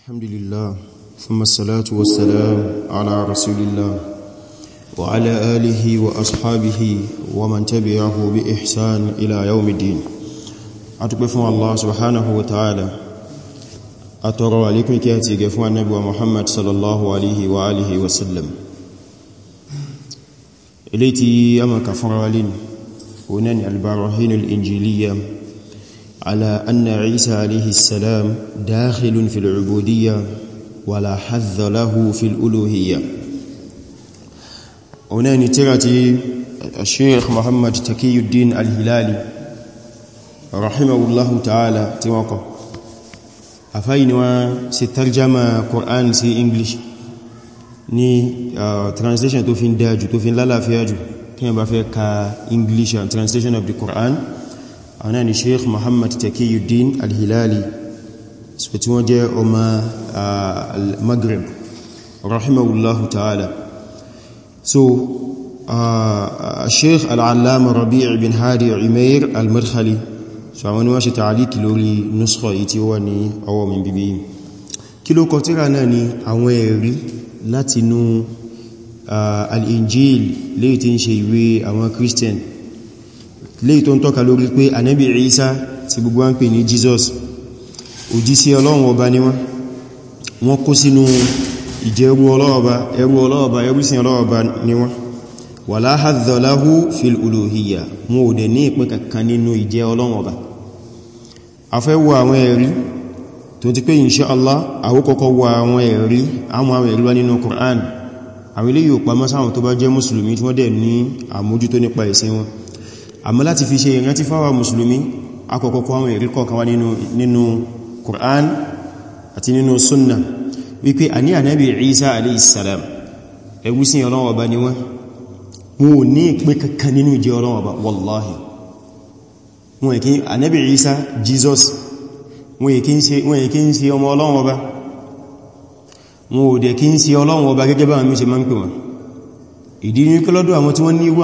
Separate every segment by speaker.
Speaker 1: الحمد لله ثم الصلاة والسلام على رسول الله وعلى آله وأصحابه ومن تبعه بإحسان إلى يوم الدين أتقفوا الله سبحانه وتعالى أترى عليكم كي قفوا النبي محمد صلى الله عليه وآله وسلم إليتي أما كفر ولين ونن البرهين الإنجيلية على أن عيسى عليه السلام داخل في العبودية ولا حظ له في الألوهية هنا نترتي الشيخ محمد تكي الدين الهلالي رحمه الله تعالى توقع أفين وسترجم قرآن سي إنجليش ni uh, آه، translation tó fi ń dájú tó fi ń lálàáfíà jù kí wọ́n bá fẹ́ ka English translation of the Quran àwọn náà ni sheikh muhammad takiyuddin al-hilali so tí wọ́n jẹ́ ọmọ al-maghrib rahimahullahu ta'ala so sheikh al'allama rabi' bin hadi umair al-madkhali so àwọn ni wọ́n ṣe ta'aliki lórí nuskha yìí tí wọ́n ní ọwọ́ min bíbí kí ló kọtíra náà ni àwọn ẹ̀rí látinú al-injil léyìí tí ń ṣe ìwé àwọn christian léyìí tó ń tọ́ka lórí pé ànábì Ìsá tí gbogbo wa ń pè ní Jesus òjíṣẹ́ ọlọ́run ọba ni wọ́n wọ́n kó sínú ìjẹ́ ẹrú ọlọ́ọba ẹrú ọlọ́ọba ẹrúsìn ọlọ́ọba ni wọ́n wala hadha lahu fil uluhiyya wọn ò dẹ̀ ní ìpín kankan nínú ìjẹ́ ọlọ́run ọba a fẹ́ wo àwọn ẹ̀rí tó ti pé insha Allah àmọ́ láti fi ṣe ìrántí fáwà musulmi akọ̀kọ̀kọ́ àwọn ìrìkọ́ kan wá nínú Qur'an àti nínú sunna wípé a ní ànábì Isa alayhisalam ẹgbúsí ọlọ́wọ́ bá ní wọ́n wọn ò ní ìpín kankan nínú ìjẹ ọlọ́wọ́ bá wallahi wọn èkí ànábì Isa Jesus wọn èkí ń ṣe ọmọ ọlọ́wọ́ bá wọn ò dẹ̀ kí ń ṣe ọlọ́wọ́ bá gẹ́gẹ́ bá wọn mí ṣe máa ń ìdí ní kọlọ́dọ̀ àwọn tí wọ́n ní irú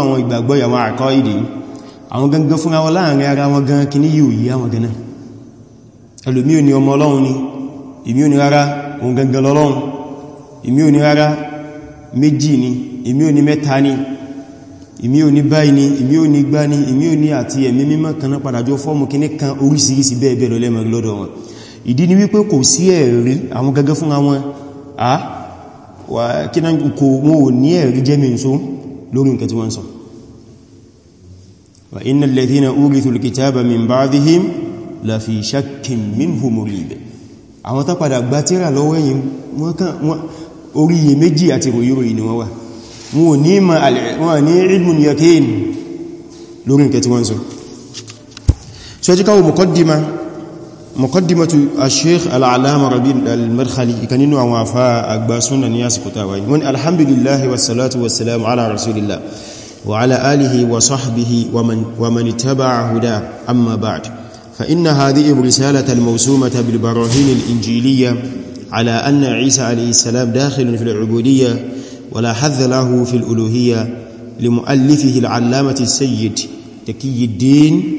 Speaker 1: àwọn ìgbàgbọ́ ìyàwó àkọ́ ìdí àwọn gangan fún àwọn láàrin ara wọn gan kì ní yíò yí àwọn ganá ẹlòmí ò ní ọmọ ọlọ́run ni èmi ò ní rárá òun gangan lọ́lọ́run èmi ò ní rárá méjì ni èmi ò ní mẹ́ta ni èmi ò ní báyìí ni èmi ò gbá ni èmi ò ní àti ẹ̀mí mímọ́ kan náà padà jọ fọ́ọ̀mù kí ní kan oríṣiríṣi bẹ́ẹ̀ bẹ́ẹ̀ lọ lọ́dọ̀ wọn ìdí ni wípé kò sí ẹ̀rí àwọn gangan fún àwọn àá wà kí náà kò mú ò ní ẹ̀rí jẹ́ mìíṣó lórí nǹkan tí wọ́n sọ wa innal ladhina urithul kitaba min ba'dihim la fi shakkin minhu murib àwọn tó padà gba tírà lọ́wọ́ yìí wọ́n kàn orí iye méjì àti ròyìnròyìn ni wọ́n wà wọ́n ní ma wọ́n lórí nǹkan tí wọ́n sọ مقدمة الشيخ العلامة ربيع المرخلي كان وعفاء أكباسون أن يسقط من الحمد لله والصلاة والسلام على رسول الله وعلى آله وصحبه ومن, ومن اتبع هداه أما بعد فإن هذه الرسالة الموسومة بالبراهين الإنجيلية على أن عيسى عليه السلام داخل في العبودية ولا حظ له في الألوهية لمؤلفه العلامة السيد تكي الدين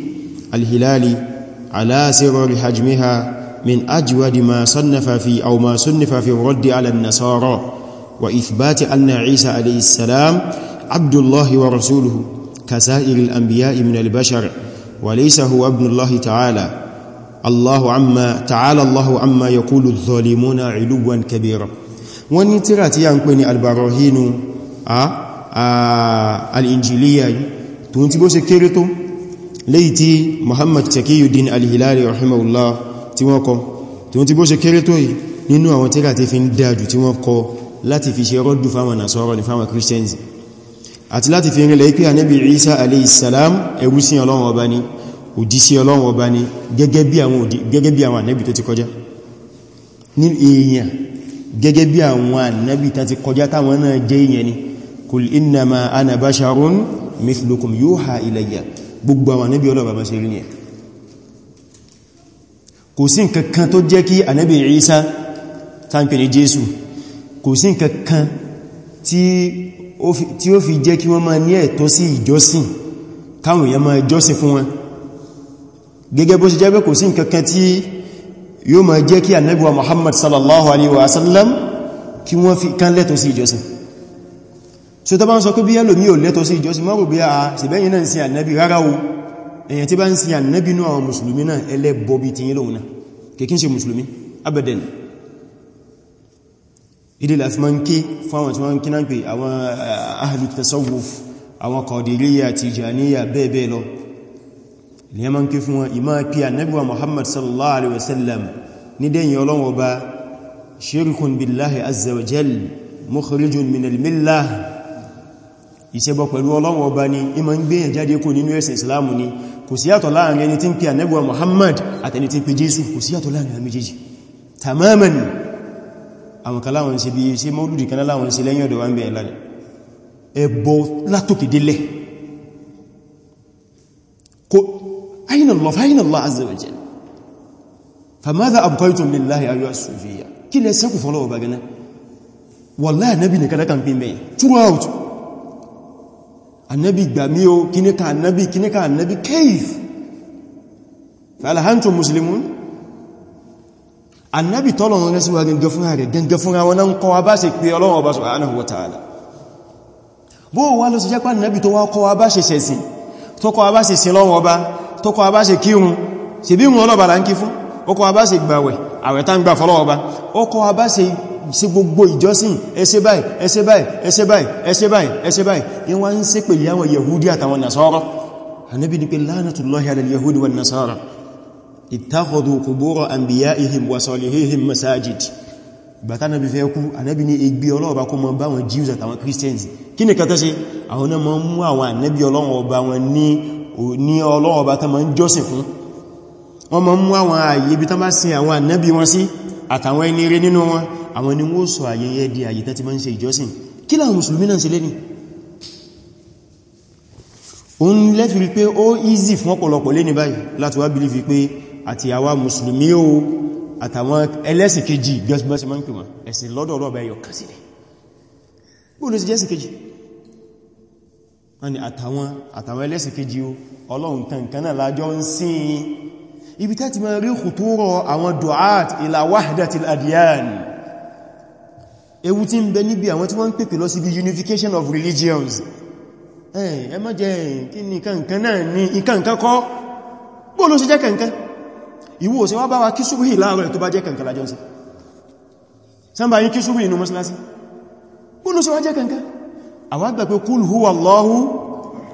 Speaker 1: الهلالي على سرر حجمها من أجود ما صنف في أو ما صنف في الرد على النصارى وإثبات أن عيسى عليه السلام عبد الله ورسوله كسائر الأنبياء من البشر وليس هو ابن الله تعالى الله عما تعالى الله عما يقول الظالمون علوا كبيرا wọ́n ní tíra tí a ń pè léyìí tí Muhammad Taqiyuddin al-Hilali rahimahullah tí wọ́n kọ tí wọ́n ti bó ṣe kéré tó yìí nínú àwọn tírà tí fi ń dájú tí wọ́n kọ láti fi ṣe rọ́dù fáwọn Nasara ní fáwọn Christians àti láti fi rinlẹ̀ ipé ànábì Isa alayhi salam ẹrú sí Ọlọ́run ọba ni òjísí Ọlọ́run ọba ni gẹ́gẹ́ bí àwọn ànábì tó ti kọjá ní èèyàn gẹ́gẹ́ bí àwọn ànábì tó ti kọjá táwọn náà jẹ́ èèyàn ni kul innama ana basharun mithlukum yuha ilayya gbogbo àwọn ànábì ọlọ́bà bá ṣe rí ní ẹ̀ kò sí nǹkankan tó jẹ́ kí ànábì Ìsá tánpẹ̀ ní Jésù kò sí nǹkankan tí ó fi jẹ́ kí wọ́n máa ní ẹ̀tọ́ sí ìjọsìn káwọn èèyàn máa jọ́sìn fún wọn gẹ́gẹ́ bó ṣe jẹ́ so tó bá ń sọ pé bí ẹlòmí ò lẹ́tọ̀ sí ìjọsìn mọ́rù bí a ah, ṣìbẹ́yìn náà ń sin ànábì rárá o èyàn tí bá ń sin ànábì náà àwọn mùsùlùmí náà ẹlẹ́bọ̀bí ti yí lóhun náà kìkín ṣe mùsùlùmí abadan ilé láti máa ń ké fún àwọn tí wọ́n ń kí náà pé eh, tasawuf àwọn Qadiriyya Tijaniyya bẹ́ẹ̀ bẹ́ẹ̀ lọ ilé máa ń ké fún wọn ìmá wa Muhammad sallallahu alaihi wasallam ní dẹ́yìn ọlọ́wọ́ ba shirkun billahi azza wa jal mukhrijun min al-millah ìṣẹ́bọ̀ pẹ̀lú ọlọ́run ọba ni ìmọ̀ ń gbéyàn jáde kó nínú ẹ̀sìn ìsìláàmù ni kò síyàtọ̀ láàrin ẹni tí ń pè ànẹ́gbà Muhammad àtẹni tí ń pè Jésù kò síyàtọ̀ láàrin àmì jésù tamaman àwọn kaláwọn ṣe bí ṣe mọ́lúdì kan láwọn ṣe lẹ́yìn ọ̀dọ̀ wọn bẹ̀rẹ̀ lálẹ́ ẹbọ látòkè délẹ̀ kò ayna Allah ayna Allah azza wa jalla famadha abqaytum pín bẹ́yìn throughout annabi gbàmí o kíníkà annabi kíníkà annabi kaif falahantum muslimun annabi tọ́lọ̀ wọn rẹ̀ sí wa gangan fún ààrẹ gangan fún àwọn náà ń kọwa bá ṣe pé ọlọ́wọ́ bá subhanahu wa ta'ala bó wá lọ sí jẹ́ pa annabi tó wá kọwa bá ṣe ṣẹ̀sìn tó kọwa bá ṣe sin lọ́wọ́ bá tó kọwa bá ṣe kírun ṣe bí wọn ọlọ́bàrá ń kí fún ó kọwa bá ṣe gbàwẹ̀ àwẹ̀ tá ń gbà fọ́lọ́wọ́ bá ó kọwa bá sí gbogbo ìjọsìn ẹ ṣe báyìí ẹ ṣe báyìí ẹ ṣe báyìí ẹ ṣe báyìí ẹ ṣe báyìí in wá ń ṣe pèlè àwọn yahudi àtàwọn nasara Ànábì ní pé lánàtùlọ́hì alal yahudi wọn Jews àtàwọn Christians kí ni kàtà àtàwọn ẹni rere nínú wọn àwọn ni wọ́n sọ àyẹyẹ di àyè tẹ́ ti máa ń ṣe ìjọsìn kí láwọn mùsùlùmí náà ṣe lé ní o ń lẹ́fìrí pé ó easy fún ọ̀pọ̀lọpọ̀ lé ní báyìí láti wá believe pé àti àwa mùsùlùmí o àtàwọn ẹlẹ́sìn kejì gẹ́sùgbẹ́sì máa ń pè ibi tẹ́ ti rí kùtúrọ̀ àwọn du'at ila wahdatil adyan ewu tí ń bẹ níbi àwọn tí wọ́n ń pèpè lọ sí bí unification of religions ẹ má jẹ́ kí ni kankan náà ní ìkankan kọ́ bó ló ṣe jẹ́ kankan ìwọ òsìn wá bá wa kí ṣúgbì láàrọ̀ tó bá jẹ́ kankan lájọ́ sí sánbà yí kí ṣúgbì inú mọ́sílásí Allahu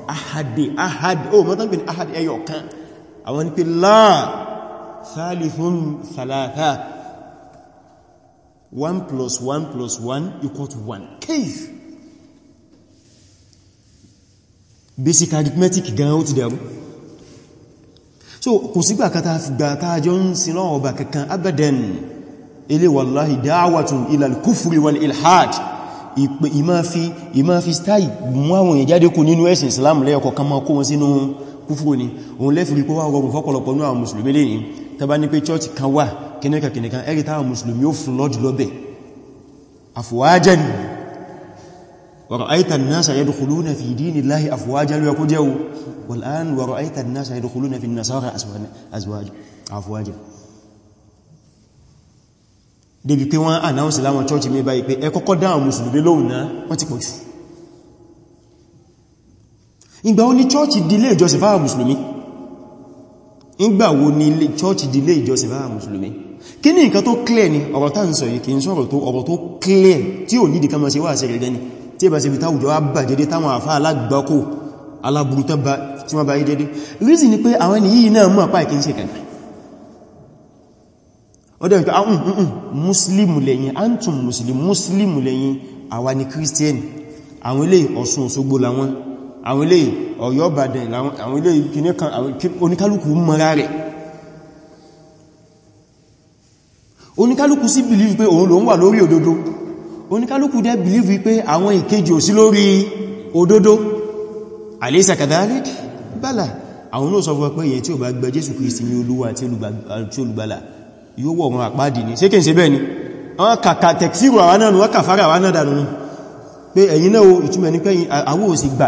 Speaker 1: ahadi ahadi o mọ́tán pín ahadi ẹyọ kan àwọn ni pé láà thalithun One plus one plus one, equal to one. cave basic arithmetic gan o ti dẹ̀rú so kò sígbà kata gbà tààjọ ń sin náà ọba kankan abadan ilé wallahi dáwàtún ilal kúfúrí wal ilhad ìpè ìmá fi ìmá fi stáì mú àwọn èèyàn jáde kú nínú ẹ̀sìn islam lẹ́yọkọ̀ kan máa kó wọn sínú kúfúrú ni òun lẹ́fìrí pọ́wàá rọrùn fọ́pọ̀lọpọ̀ ní àwọn mùsùlùmí kìnníkan kìnníkan ẹ̀rí táwọn mùsùlùmí ó fún lọ́jù lọ́bẹ̀ afwajan wa ra'aita an-nasa yadkhuluna fi dinillahi afwajan ló yẹ kó jẹ́ o wal an wa ra'aita an-nasa fi nasara afwajan débi pé wọ́n announce láwọn church mi báyìí pé ẹ kọ́kọ́ dáwọn mùsùlùmí lóhùn náà wọ́n ti pọ̀ jù ìgbà wo ni church dílé ìjọsìn fáwọn mùsùlùmí ìgbà wo ni church dílé ìjọsìn fáwọn mùsùlùmí kí ní nǹkan tó clear ni ọ̀rọ̀ tá ń sọ yìí kì ń sọ̀rọ̀ tó ọ̀rọ̀ tó clear tí ò ní dìkan mọ́ sí wà sí gẹ̀gẹ́ ni tí ẹ bá ṣe fi táwùjọ àbàjẹ́dé táwọn àfá alágbàkó aláburú tí wọ́n bá yí dédé reason ni pé àwọn ènìyàn yìí náà mú àpá ìkí ń ṣe kẹ̀kẹ́ ọdọ́ ìpé àwọn muslimu lẹ́yìn antum muslim muslimu lẹ́yìn àwa ni christian àwọn ilé ọ̀ṣun òṣogbo làwọn àwọn ilé ọ̀yọ́ ìbàdàn làwọn ilé kìnnìkan oníkálùkù mọ́ra rẹ̀ oníkálùkù sí believe pé òun ló ń wà lórí òdodo oníkálùkù dẹ̀ believe pé àwọn ìkejì ò sí lórí òdodo alaysa kadhalik bala àwọn ló sọ fún pé èyàn tí ó bá gbẹ Jésù Kristi ní olúwa àti olùgbàlà yóò wọ̀ wọn àpáàdì ní ṣé kí n ṣe bẹ́ẹ̀ ni wọ́n kàkà tẹ̀kṣírò àwọn náà wọ́n kàfàrà àwọn náà dànù pé ẹ̀yin náà ìtumẹ̀ ní pé àwọ́ òsì gbà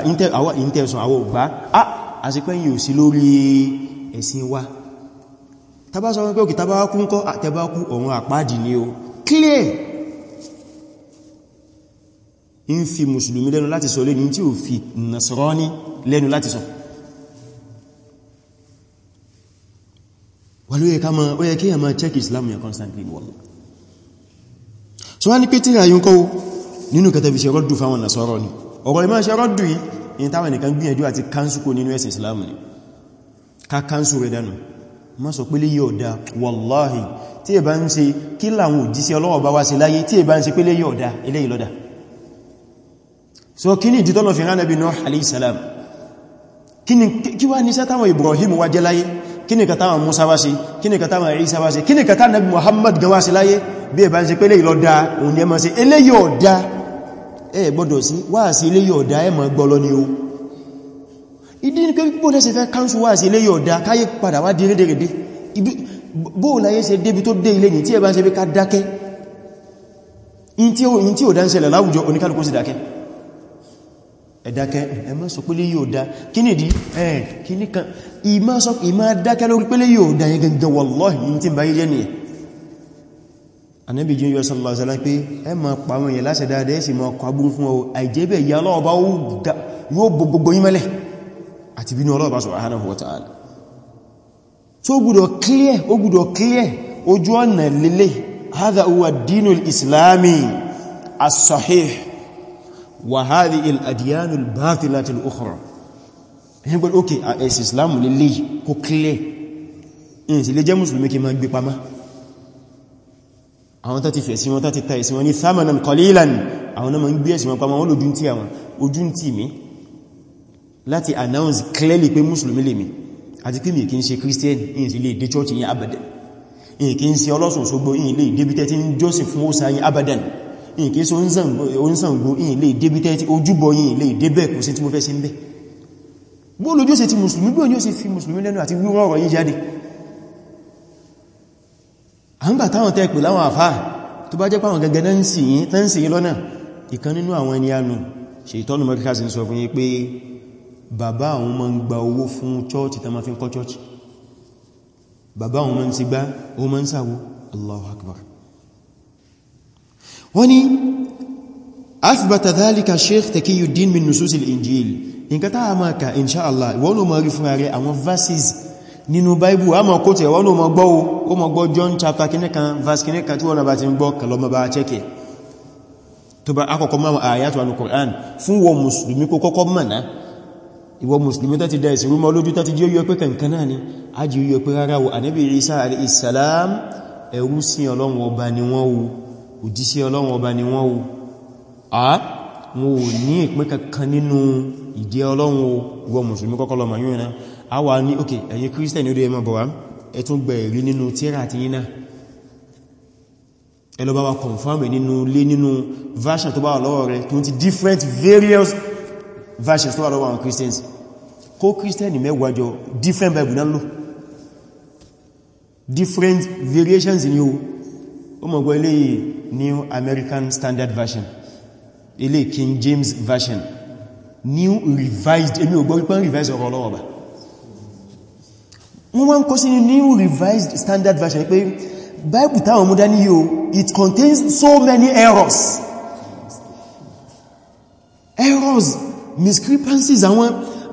Speaker 1: ìntẹ̀sùn àwọ́ tàbá sọ wípé òkè tàbá kú ń kọ́ àtẹ́bá ah, ọ̀run àpáàdì ní o clear in fi mùsùlùmí lẹ́nu láti sọ lẹ́nu tí ò fi nasarani lẹ́nu láti sọ wà ló yẹ ká ma check islam yẹ constantly wọ́lá so wá ní pé tí àyún kọ́ nínú kẹta fi ṣe rọ́dù fáwọn nasarani ọ̀rọ̀ ìmá ṣe rọ́dù yìí in táwọn nìkan gbìyànjú àti kánsù kò nínú ẹ̀sìn islam ni ká kánsù rẹ̀ dánù ma sọ pé léyìí ọ̀dá wallahi tí è bá ń ṣe kí láwọn òjíṣẹ́ ọlọ́wọ̀ bá wá sí láyé tí è bá ń ṣe pé léyìí ọ̀dá so kí ni ìdítọ́nà fi ránàbí Nuh alayhi salam kí wá ní sátáwọn Ibrahim wá jẹ́ láyé kí ni kàtàwà Musa wá sí kí ni kàtàwà Isa wá sí kí ni kàtàwà Nabi Muhammad gan wá sí láyé bí è bá ń ṣe pé léyìí ọ̀dá ni ẹ ma ṣe eléyìí ọ̀dá ẹ gbọ́dọ̀ sí wá sí eléyìí ọ̀dá ẹ ma gbọ́lọ ni o ìdí ní pé púpọ̀ lẹ́sẹ̀ fẹ́ káńsù wá sí ilé yọ̀dá káyé padà wá dérédérédé ibi bóò láyé ṣe débi tó dé ilé ní tí ẹ bá ṣe bí ká dákẹ́ in tí ò dá ń ṣẹlẹ̀ láwùjọ oníkálùkù sí dákẹ́ ẹ dákẹ́ ẹ má sọ kan ìmá sọ ìmá dákẹ́ lórí pélé yọ̀dá yẹ gẹ̀gẹ̀ wallahi tí ń báyé jẹ́ nìyẹn Ànábì jí yọ sallallahu alaihi wasallam pé ẹ ma pa àwọn èèyàn láṣẹ dáadáa ẹ sì ma kọ abúrú fún ọ àìjẹ́bẹ̀ ìyá ọlọ́ọ̀bá yóò gbogbo yí mẹ́lẹ̀ àti bínú Ọlọ́run subhanahu wa ta'ala so gbọ́dọ̀ clear ó gbọ́dọ̀ clear ojú ọ̀nà lélẹ̀ hadha huwa dínú islami as-sahih wa hadhihi al-adyan al-batilati al-ukhra ẹ̀yìn gbọ́dọ̀ ok ẹ̀sì islam lélẹ̀ kó clear in sì lè jẹ́ musulmi kí ma gbé pamá àwọn tàti fẹ̀ sí wọn tàti ta ẹ̀sìn wọn ní thamanan qalilan àwọn náà ma ń gbé ẹ̀sìn wọn pamá wọn lójú tí àwọn ojú tí mi láti announce clearly pé mùsùlùmí lèmi àti kí mi kí n ṣe christian in sì lè church yìí abadan in kí n ṣe ọlọ́sùn Òṣogbo in lè débítẹ́ tí ń fún ó sáyín abadan in kí ṣe onísàngó in lè débítẹ́ tí ojúbọ yìí lè débẹ̀ kò sí tí mo fẹ́ sí ń bẹ́ bó lójú ṣe ti mùsùlùmí bí yóò ṣe fi mùsùlùmí lẹ́nu àti wíwọ́n ọ̀rọ̀ yìí jáde à ń gbà táwọn tẹ́ pè láwọn àfáà tó bá jẹ́ pàwọn gẹ́gẹ́ náà ń sì yí lọ́nà ìkan nínú àwọn ẹni anu ṣe ìtọ́nù mọ́ríkà sí ń sọ fún yí bàbá àwọn ma ń gba owó fún chọ́ọ̀tì tán ma fi ń kọ́ chọ́ọ̀tì bàbá àwọn ma ń ti gbá o ma ń sàwó Allahu Akbar wọ́n ni asibata dhalika sheikh Taqiyuddin min nusus al-injil nǹkan tá a máa ka inṣáàlá wọ́n ló máa rí fún ààrẹ àwọn verses nínú bible a máa kó tẹ̀ wọ́n ló máa gbọ́ o máa gbọ́ john chapter kìnnìkan verse kìnnìkan tí wọ́n bá ti ń gbọ́ kàlọ́mọ bá chẹ́kẹ̀ẹ́ tó bá akọ̀kọ́ máa àyàtọ̀ alùkùrán fún wọn mùsùlùmí ìwọ musulmi tó ti dá ìsìnrú mọ́ lójú tó ti jí oyó pé kankan náà ni a jí oyó pé rárá wo ànábì Isa alaihissalam ẹ̀rú sí ọlọ́run ọba ni wọ́n wo òjíṣẹ́ ọlọ́run ọba ni wọ́n wo a wọ́n ò ní ìpín kankan nínú ìdí ọlọ́run ìwọ musulmi kọ́kọ́ lọ mayún náà a wà ní ok ẹ̀yin kírísítẹ̀ ní ó confirm nínú lé nínú version tó bá wà lọ́wọ́ rẹ̀ tó different various versions tó wà lọ́wọ́ àwọn Christians kó Christian mẹ́wàá jọ different Bible náà lò different variations ni o o mọ̀ gbọ́ ilé New American Standard Version ilé King James Version New Revised èmi ò gbọ́ wípé revised ọ̀rọ̀ ọlọ́wọ́ bá wọ́n wá ń kọ́ sí New Revised Standard Version pé Bible táwọn mú dání yíò it contains so many errors errors miscrepancies àwọn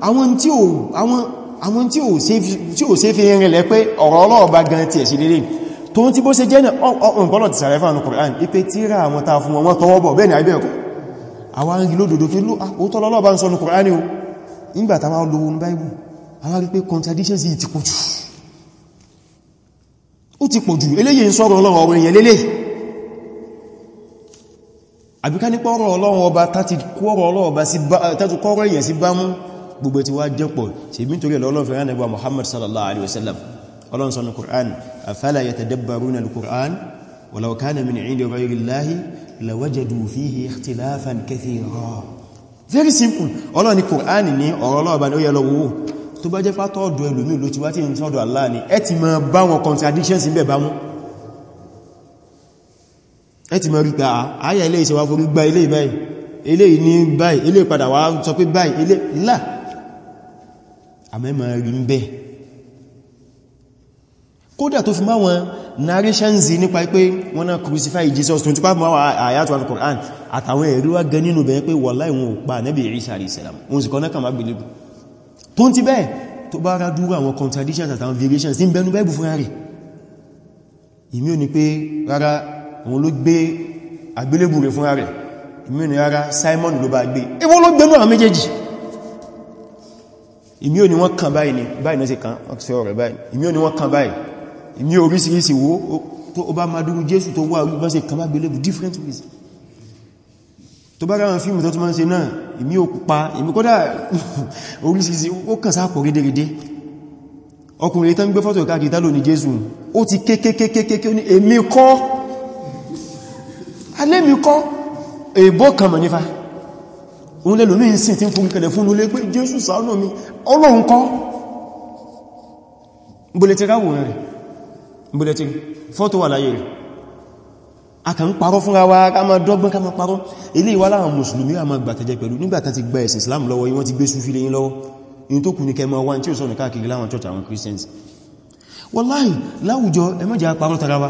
Speaker 1: àwọn tí ó àwọn àwọn tí ó ṣe tí ó ṣe fi rin lẹ̀ pé ọ̀rọ̀ Ọlọ́run bá gan ti ẹ̀ sí lélẹ̀ tó ti bó ṣe jẹ́ náà ọ̀n bọ́lọ̀ ti sàrẹ́fà ní Qur'an ipé tíra àwọn ta fún wọn tọwọ́bọ̀ bẹ́ẹ̀ ni àìbẹ̀ ẹ̀kọ́ àwọn arìnrìn lódòdó fi lóòótọ́ ah, lọ́lọ́ bá ń sọ ní Qur'an ni ó nígbà tàwà olówó ní Bible àwọn rí pé contradictions àbíká ní pọ́rọ̀ ọlọ́run ọba tàti kọ́rọ̀ ọlọ́run ọba tàti kọ́rọ̀ èyàn sí bá mú gbogbo ti wá jẹ́pọ̀ ṣe bí nítorí ọlọ́run fẹ́ràn ẹgbà Muhammad sallallahu alaihi wasallam ọlọ́run sọ ní Qur'an afala yatadabbaruna al-Qur'an walau kana very simple ọlọ́run ní Qur'an ní ọ̀rọ̀ ọlọ́run ọba ní ó yẹ lọ́wọ́ tó bá jẹ́ pátọ́ ọ̀dọ̀ ẹlòmí ló ti wá tí ń sọ́dọ̀ Allah ni ẹ ti máa bá wọn contradictions ń bẹ̀ bá mú ẹ̀tì mọ̀ rí pé ah, àáyà ilé ìṣẹ́wà forí gba ilé ìbáyìí ilé ìní báyìí ilé ìpadà wà sọ pé báyìí ilé ńlá àmẹ́mọ̀ rí ń bẹ́ kódà tó fi máa wọn narrations nípa pé wọ́n náà crucify Jesus 25 mọ́ àyàtọ̀ al-Qur'an àtàwọn ẹ̀rí wá gan nínú bẹ̀rẹ̀ pé wallahi wọn ò pa Nabi Isa salam wọn sì kọ́nà kàmà gbìlẹ̀ tó ń ti contradictions àtàwọn variations ní bẹnu bẹ́ẹ̀bù fún rẹ̀ ìmí òun ló gbé àgbélébù rẹ̀ fúnra rẹ̀ ìmìnì ara Simon ló bá gbé ìwọ ló gbé náà méjèèjì ìmí ò ní wọ́n kàn báyìí ni báyìí náà ṣe kàn ọ̀sẹ̀ ọ̀rẹ̀ báyìí ìmí ò ní wọ́n kàn báyìí ìmí orísìírísìí wo tó ọba madúrú Jésù tó wà wípé ṣe kàn bá gbélébù different ways tó bá ráwọn fíìmù tó tún máa ń ṣe náà ìmí ò pupa ìmí kódà orísìírísìí ó kàn sáàpọ̀ rédèrèdè ọkùnrin tán gbé fọ́tò káàkiri tálò ní Jésù ó ti kékékékéké ní èmi kọ́ alẹ́mi kọ́ èbó kan mọ̀ nífà òun lẹ́lò ní ìsìn tí ń fún kẹlẹ̀ fún olé pé jésù ṣàánú mi ọlọ́run kọ́ bóletí ráwò rẹ̀ bóletí fọ́tò wà láyé rẹ̀ a kàn ń parọ́ fúnra wa ká máa dọ́gbọ́n ká a máa gbàtẹ̀jẹ̀ pẹ̀lú nígbàtà ti gba ẹ̀sìn islam lọ́wọ́ wọ́n ti gbé sún fílé yín lọ́wọ́ in tó kù ní kẹmọ wá tí ó sọ̀rọ̀ káàkiri láwọn church àwọn christians wallahi láwùjọ ẹmọ́jà parọ́ tara wa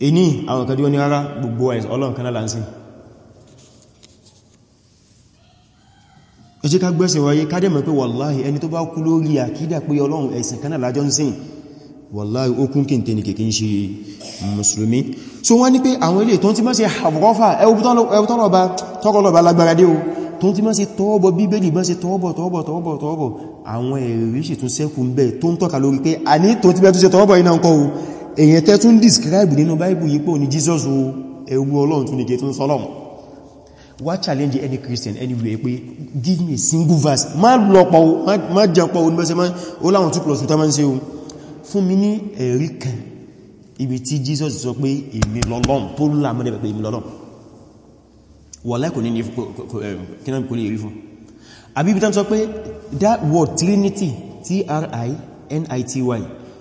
Speaker 1: ẹni àwọn kan di oni ara gbogbo wa Ọlọ́run kan la nsin ẹ jẹ́ ká gbẹ́sìn wáyé ká dẹ̀ mọ̀ pé wàláhì ẹni tó bá kú lórí àkídà pé Ọlọ́run ẹ̀sìn kan lájọ́ ń sìn so wọ́n ní pé àwọn ilé tó ń ti máa ṣe àwọ̀rọ́fà ẹwùtọ́lọ̀bá tọ́kọlọ̀bá lágbára dé o tó ń ti máa ṣe tọ́ọ̀bọ̀ bíbélì máa ṣe tọ́ọ̀bọ̀ tọ́ọ̀bọ̀ tọ́ọ̀bọ̀ tọ́ọ̀bọ̀ àwọn ẹ̀rí sì tún sẹ́kù ń bẹ̀ tó ń èyàn tẹ́ tún describe nínú Bible yípo ní Jesus o ẹ̀wù Ọlọ́run tún nìgẹ̀ tún sọ́lọ́mù wá challenge any Christian anywhere pé give me single verse má lọ́pọ̀ má jẹpọ̀ oníbẹ̀ṣẹ́ má ó láwọn 2 plus 2 tánmà ń ṣe o fún mi ní ẹ̀rí kan ibi tí Jesus sọ pé èmi lọ́lọ́run tó lámọ́dẹ̀ pé èmi lọ́lọ́run wallahi kò ní ní kí náà kò ní èrí fún àbí ibi tán sọ pé that word Trinity T-R-I-N-I-T-Y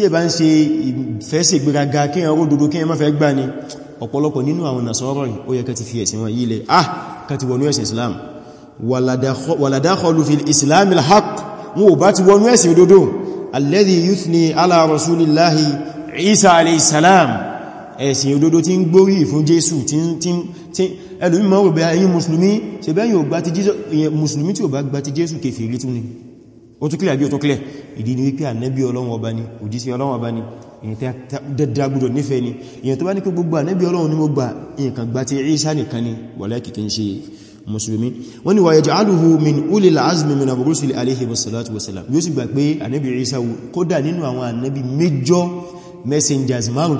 Speaker 1: tí ẹ bá ń ṣe ìfẹ́sẹ̀ gbéraga kí ẹ̀rọ dúdú kí ẹ má fẹ́ gbá ní ọ̀pọ̀lọpọ̀ nínú àwọn nàṣọ́rọ̀ ó yẹ ká ti fi ẹ̀sìn wọn yílẹ̀ ah ká ti wọnú ẹ̀sìn Islam wàlàdáhọlù fi Islam alhaq mú ò bá ti wọnú ẹ̀sìn òdodo alladhi yuthni ala rasulillahi Isa alayhi salam ẹ̀sìn òdodo tí ń gbórí fún Jésù ẹlùmí mọ́ rò bẹ́ ẹ̀yin mùsùlùmí tí ó bá gba ti Jésù kèfèrí tún ni ó tún clear bí ó tún clear ìdí ni wípé ànábí ọlọ́run ọba ni òjíṣẹ́ ọlọ́run ọba ni èyàn tẹ́ dẹ́dẹ́ gbọ́dọ̀ nífẹ̀ẹ́ ni èyàn tó bá ní pé gbogbo ànábí ọlọ́run ni mo gba nǹkan gba ti Ìsá nìkan ni wọ̀lẹ́ kìkín ṣe mùsùlùmí wọ́n ni wa yaj'aluhu min ulil azmi min ar-rusuli alayhi wassalatu wassalam yóò sì gbà pé ànábí Ìsá kódà nínú àwọn ànábí major messengers márùn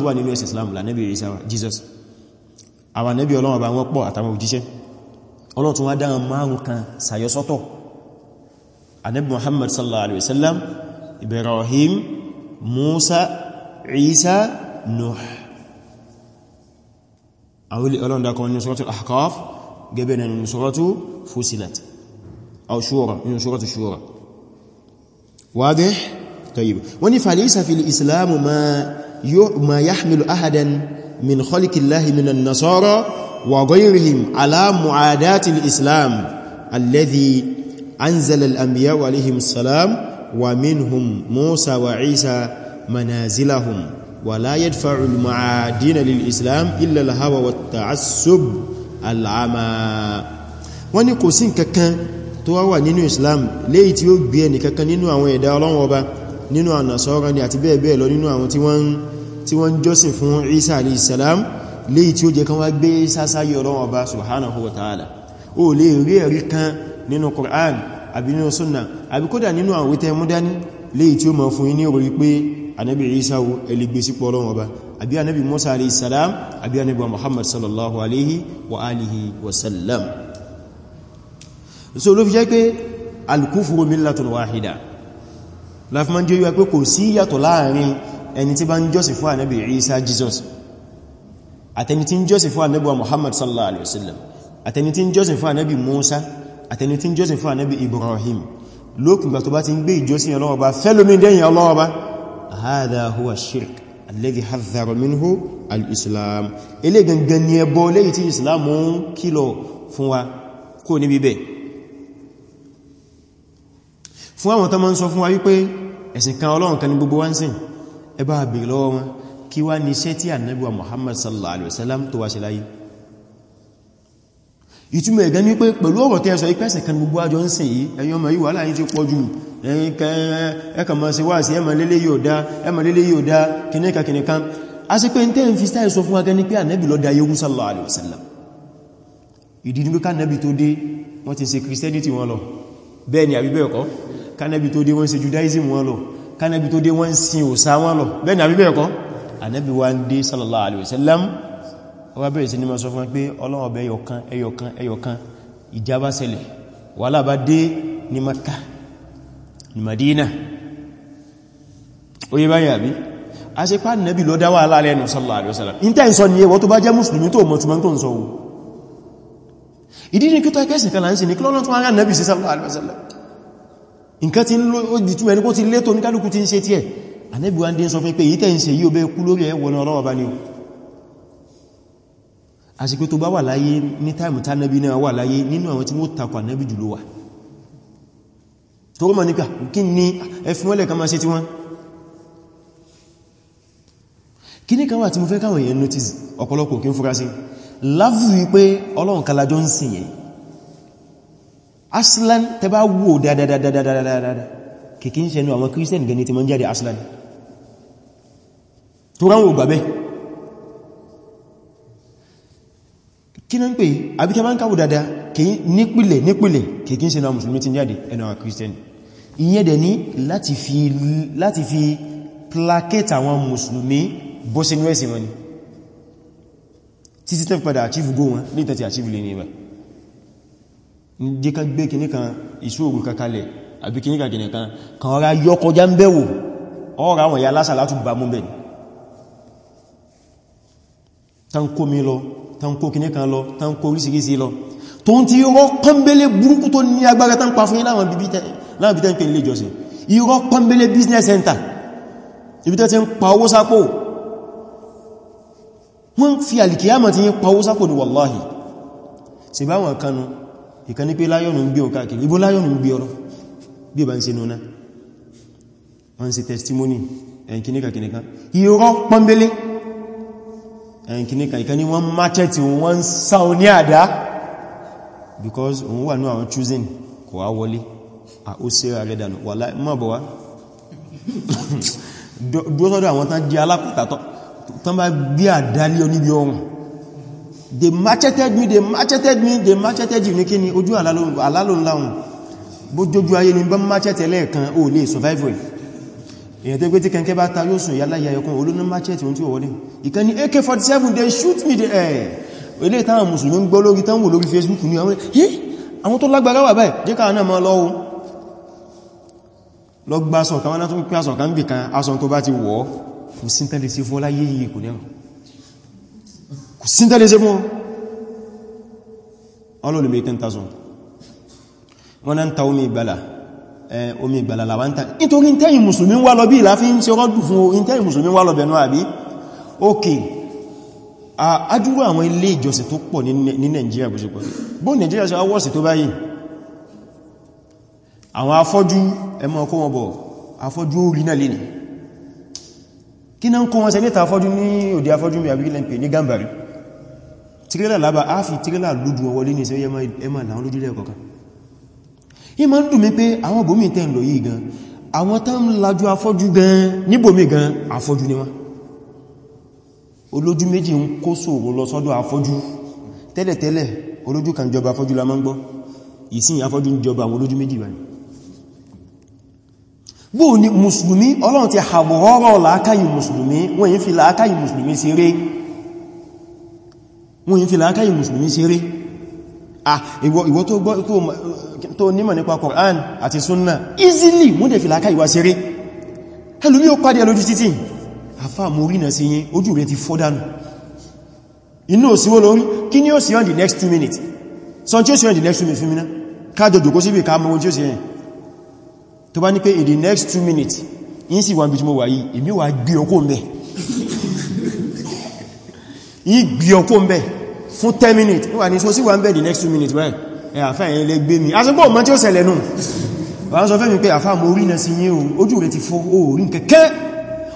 Speaker 1: عن ابن محمد صلى الله عليه وسلم إبراهيم موسى عيسى نوح أولي ألون داكو من سورة الأحقاف قبل من سورة فسلت أو شورة من سورة الشورة واضح طيب ونفع ليس في الإسلام ما, ما يحمل أحدا من خلق الله من النصارى وغيرهم على معاداة الإسلام الذي anzala al-anbiya wa alayhim salam wa minhum musa wa isa manazilahum wa la yadfa'u al-ma'adina lil-islam illa al-hawa wa at-ta'assub al-'ama wọ́n ní kò sí nǹkankan tó wà nínú islam léyìí tí ó gbé ẹni kankan nínú àwọn ẹ̀dá Ọlọ́run Ọba nínú ànàsọ́ra ni àti bẹ́ẹ̀ bẹ́ẹ̀ lọ nínú àwọn tí wọ́n tí wọ́n jọ́sìn fún isa alayhi salam léyìí tí ó jẹ́ kan wá gbé sásáyé Ọlọ́run Ọba subhanahu wa ta'ala ó lè rí ẹ̀rí kan nínú Qur'an àbí nínú sunna àbí kódà nínú àwọn tẹ́ mú dání léyìí tí ó mọ̀ fún yín ní orí pé anábì Isa o ẹlẹ́gbẹ́ sípò Ọlọ́run ọba àbí anábì Musa alayhi salam àbí anábì Muhammad sallallahu alayhi wa alihi wa sallam so ló fi jẹ́ pé al-kufru millatun wahida láfimọ́ jẹ́ wípé kò sí yàtọ̀ láàrin ẹni tí bá ń jọ́sìn fún ànábì Isa Jesus àtẹni tí ń jọ́sìn fún ànábì Muhammad sallallahu alayhi wa àtẹni tí ń jọ́sìn fún ànábì Musa àtẹni tí ń jọ́sìn fún ànábì Ibrahim lókùngbà tó bá ti ń gbé ìjọsìn ọlọ́ọba fẹ́lómi dẹ́yìn ọlọ́ọba hadha huwa shirk alladhi hadhara minhu al-islam ilé gangan ni ẹbọ lẹ́yìn tí islam ń kílọ̀ fún wa kó ní bíbẹ̀ fún àwọn tó máa ń sọ fún wa wípé ẹ̀sìn kan ọlọ́run kan ní gbogbo wá ń sìn ẹbá àbìlọ́wọ́ wọn kí wá ní iṣẹ́ tí Muhammad sallallahu alaihi wasallam tó wá ṣe láyé ìtumọ̀ ẹ̀gán ní pé pẹ̀lú ọ̀rọ̀ tẹ́ẹ̀sọ ìpẹ́sẹ̀ kan gbogbo àjọ ń sìn yìí ẹ̀yin ọmọ yìí wà láyé tí pọ̀ jù ẹkàmọ́ sí wà sí ẹmà lélé yóò dá ẹmà lélé yóò dá kìnnìkà kìnnìkà a sì pé tẹ́ ń fi stáì sọ fún wa gẹ́ni pé ànẹ́bì lọ da yóò sallallahu alaihi wasallam ìdí ni pé kánẹ́bì tó dé wọ́n ti ṣe christianity wọn lọ bẹ́ẹ̀ ni àbí bẹ́ẹ̀ kọ́ kánẹ́bì tó dé wọ́n ṣe judaism wọn lọ kánẹ́bì tó dé wọ́n sin òsà wọn lọ bẹ́ẹ̀ ni àbí bẹ́ẹ̀ kọ́ ànẹ́bì sallallahu alaihi wasallam wọ́n bá bẹ̀rẹ̀ sí ní ma sọ fún pé Ọlọ́run ọbẹ̀ ẹyọkan ẹyọkan ẹyọkan ìjábá ṣẹlẹ̀ wàhálà bá dé ní Makka ní Madina oye bá yà bí a ṣe pá nẹ́bì lọ dá wàhálà lẹ́nu sallallahu alaihi wasallam in tẹ́ ń sọ ní ẹwọ́ tó bá jẹ́ mùsùlùmí tó mọ̀ túnmọ́ tó ń sọ ìdí ni kí tó ẹkẹ́ ìsìnkà láńsì ní kílọ́nà tó ara nẹ́bì sí sallallahu alaihi wasallam nǹkan tí ń lọ ojú túnmọ̀ ẹni kó ti lé tó ní kálukú ti ń ṣe tí ẹ̀ anẹ́bì wá ń dé ń àsìkò tó bá wà láyé ní táìmù tá nẹ́bí náà wà láyé nínú àwọn tí wọ́n takọ̀ nẹ́bí jùlọ wà tó rọ́mọ̀ nípa kí ní ẹfìnwọ́lẹ̀ kan máa ṣe tí wọ́n kí ní kan wà tí mo fẹ́ káwọn èèyàn notice ọ̀pọ̀lọpọ̀ kí ń fura sí láàfù wípé ọlọ́run kalajọ́ ń sìn yẹn aslan tẹ bá wò aslan tó ráwọ̀ kí ní ń pè àbí tẹ́ bá ń káwò dáadáa kìí nípìlẹ̀ nípìlẹ̀ kìí ṣe náà mùsùlùmí ti ń jáde ẹnu àwọn kírísítẹ́nì ìyẹn dẹ̀ ní láti fi placate àwọn mùsùlùmí bó ṣe níwẹ̀ẹ́sì wọn ni títí tẹ́ padà achieve go wọn ní ìtàtí achieve lè ní ibẹ̀ jẹ́ ká gbé kìní kan ìṣòògùn kakalẹ̀ àbí kìní kan kó mi lọ tán kó kìní kan lọ tán kó orísìírísìí lọ tó ń ti irọ́ pọ́nbélé burúkú tó ní agbára tán pa fún yí láwọn bíbí tẹ́ ń pè nílé ìjọsìn irọ́ pọ́nbélé business center ibi tẹ́ ti ń pa owó sápò wọ́n fi alìkìyàmọ̀ ti yí pa owó sápò ní wàláhì sì bá wọn kanu ìkan ní pé láyọ̀nù ń gbé ọkà kìí ibó láyọ̀nù ń gbé ọ̀rọ̀ bí ìbá ń ṣe nuna wọ́n ń ṣe testimony ẹ̀yìn kìníkà kìníkà irọ́ pọ́nbélé ẹnkìníkan ìkan ni wọ́n máchẹ́tì wọ́n sáwọn ní àdá because òun wà ní àwọn choosing kò wá wọlé à ó sí rẹ̀ dànù wà láì mọ́ bọ̀ wá dúrótọ́dọ̀ àwọn tán jẹ́ alápàtàtọ́ tán bá gbé àdálé oníbi ọrùn they macheted me they macheted me they macheted you ní kí ni ojú alálòun láhùn bójójú ayé ni bá machete lẹ́ẹ̀kan ó lè survive rẹ̀ èyàn tó gbé tí kẹ́kẹ́ bá ta yóò sùn yálà yayọkùn olóná machete ohun tí ó wọlé ìkan ni AK-47 they shoot me the air ilé ìtàwọn mùsùlùmí ń gbọ́ lórí tánwò lórí Facebook ní àwọn ẹ̀ àwọn tó lágbàrá wà báyìí jẹ́ káà náà ma lọ́wọ́ lọ gba aṣọ kan wọ́n tún pín aṣọ kan ń bì kan aṣọ tó bá ti wọ́ kò sí tẹ́lẹ̀ sí fún láyé yìí kò nẹ́rùn kò sí tẹ́lẹ̀ sí fún ọlọ́lùmí 10,000 wọ́n náà ń ta omi ìgbàlà omi ìgbàlàlà wá ń tàn nítorí tẹ́yìn musulmi wá lọ bí ìlà fi ń ṣe rọ́dù fún orin tẹ́yìn musulmi wá lọ bẹ̀nú àbí òkè ajúrú àwọn ilé ìjọsìn tó pọ̀ ní Nàìjíríà bó ṣe pọ̀ sí bó Nàìjíríà ṣe awọ́sì tó báyìí àwọn afọ́jú ẹmọ ọkọ́ wọn bọ̀ afọ́jú orí náà lẹ́nì kí náà ń kó wọn sẹ níta afọ́jú ní òdí afọ́jú mi àbí lẹ́mpe ní Gàmbàrí tírélà lábá á fi tírélà lójú wọn wọlé ní làwọn lójúlẹ̀ kọ̀kan ní ma ń dùn mí pé àwọn bòmí tẹ́ ń lọ yìí gan àwọn tá ń lajú afọ́jú gan ní bòmí gan afọ́jú ni wọ́n olójú méjì ń kó sòrò lọ sọ́dọ̀ afọ́jú tẹ́lẹ̀tẹ́lẹ̀ olójú kan jọba afọ́jú la máa ń gbọ́ ìsìn afọ́jú ń jọba àwọn olójú méjì báyìí bó ni mùsùlùmí ọlọ́run ti hàwọ̀rọ̀ làákàyè mùsùlùmí wọ́n yí fi làákàyè mùsùlùmí ṣeré wọ́n yí fi làákàyè mùsùlùmí ṣeré ah ìwọ tó gbọ́ tó nímọ̀ nípa Qur'an àti súnnà easily wọ́n dẹ̀ fi láká ìwà ṣeré ẹlùmí ó pàdé lójú títì àfá morina sí yín ojú rẹ̀ ti fọ́ dánù inú òsíwó lórí kí ni ó sì on the next two minutes sọ tí ó sì on the next two minutes fún mi náà kájọ jòkó síbi ká mọ́ tí ó sì yẹn tó bá ní pé in the next two minutes yín sì wà bí mo wà yìí èmi wà gbé ọkọ́ mẹ́ yìí gbé ọkọ́ mẹ́ fún 10 minutes wà ní sọ sí wà ń bẹ̀ the next two minutes àfá ẹ̀yìn lè gbé mi asìpọ̀ mọ́ tí ó ṣẹlẹ̀ nù wọ́n sọ fẹ́mi pé àfá mo rí na sí yín o ojú rẹ̀ ti fọ́ orí kẹ́kẹ́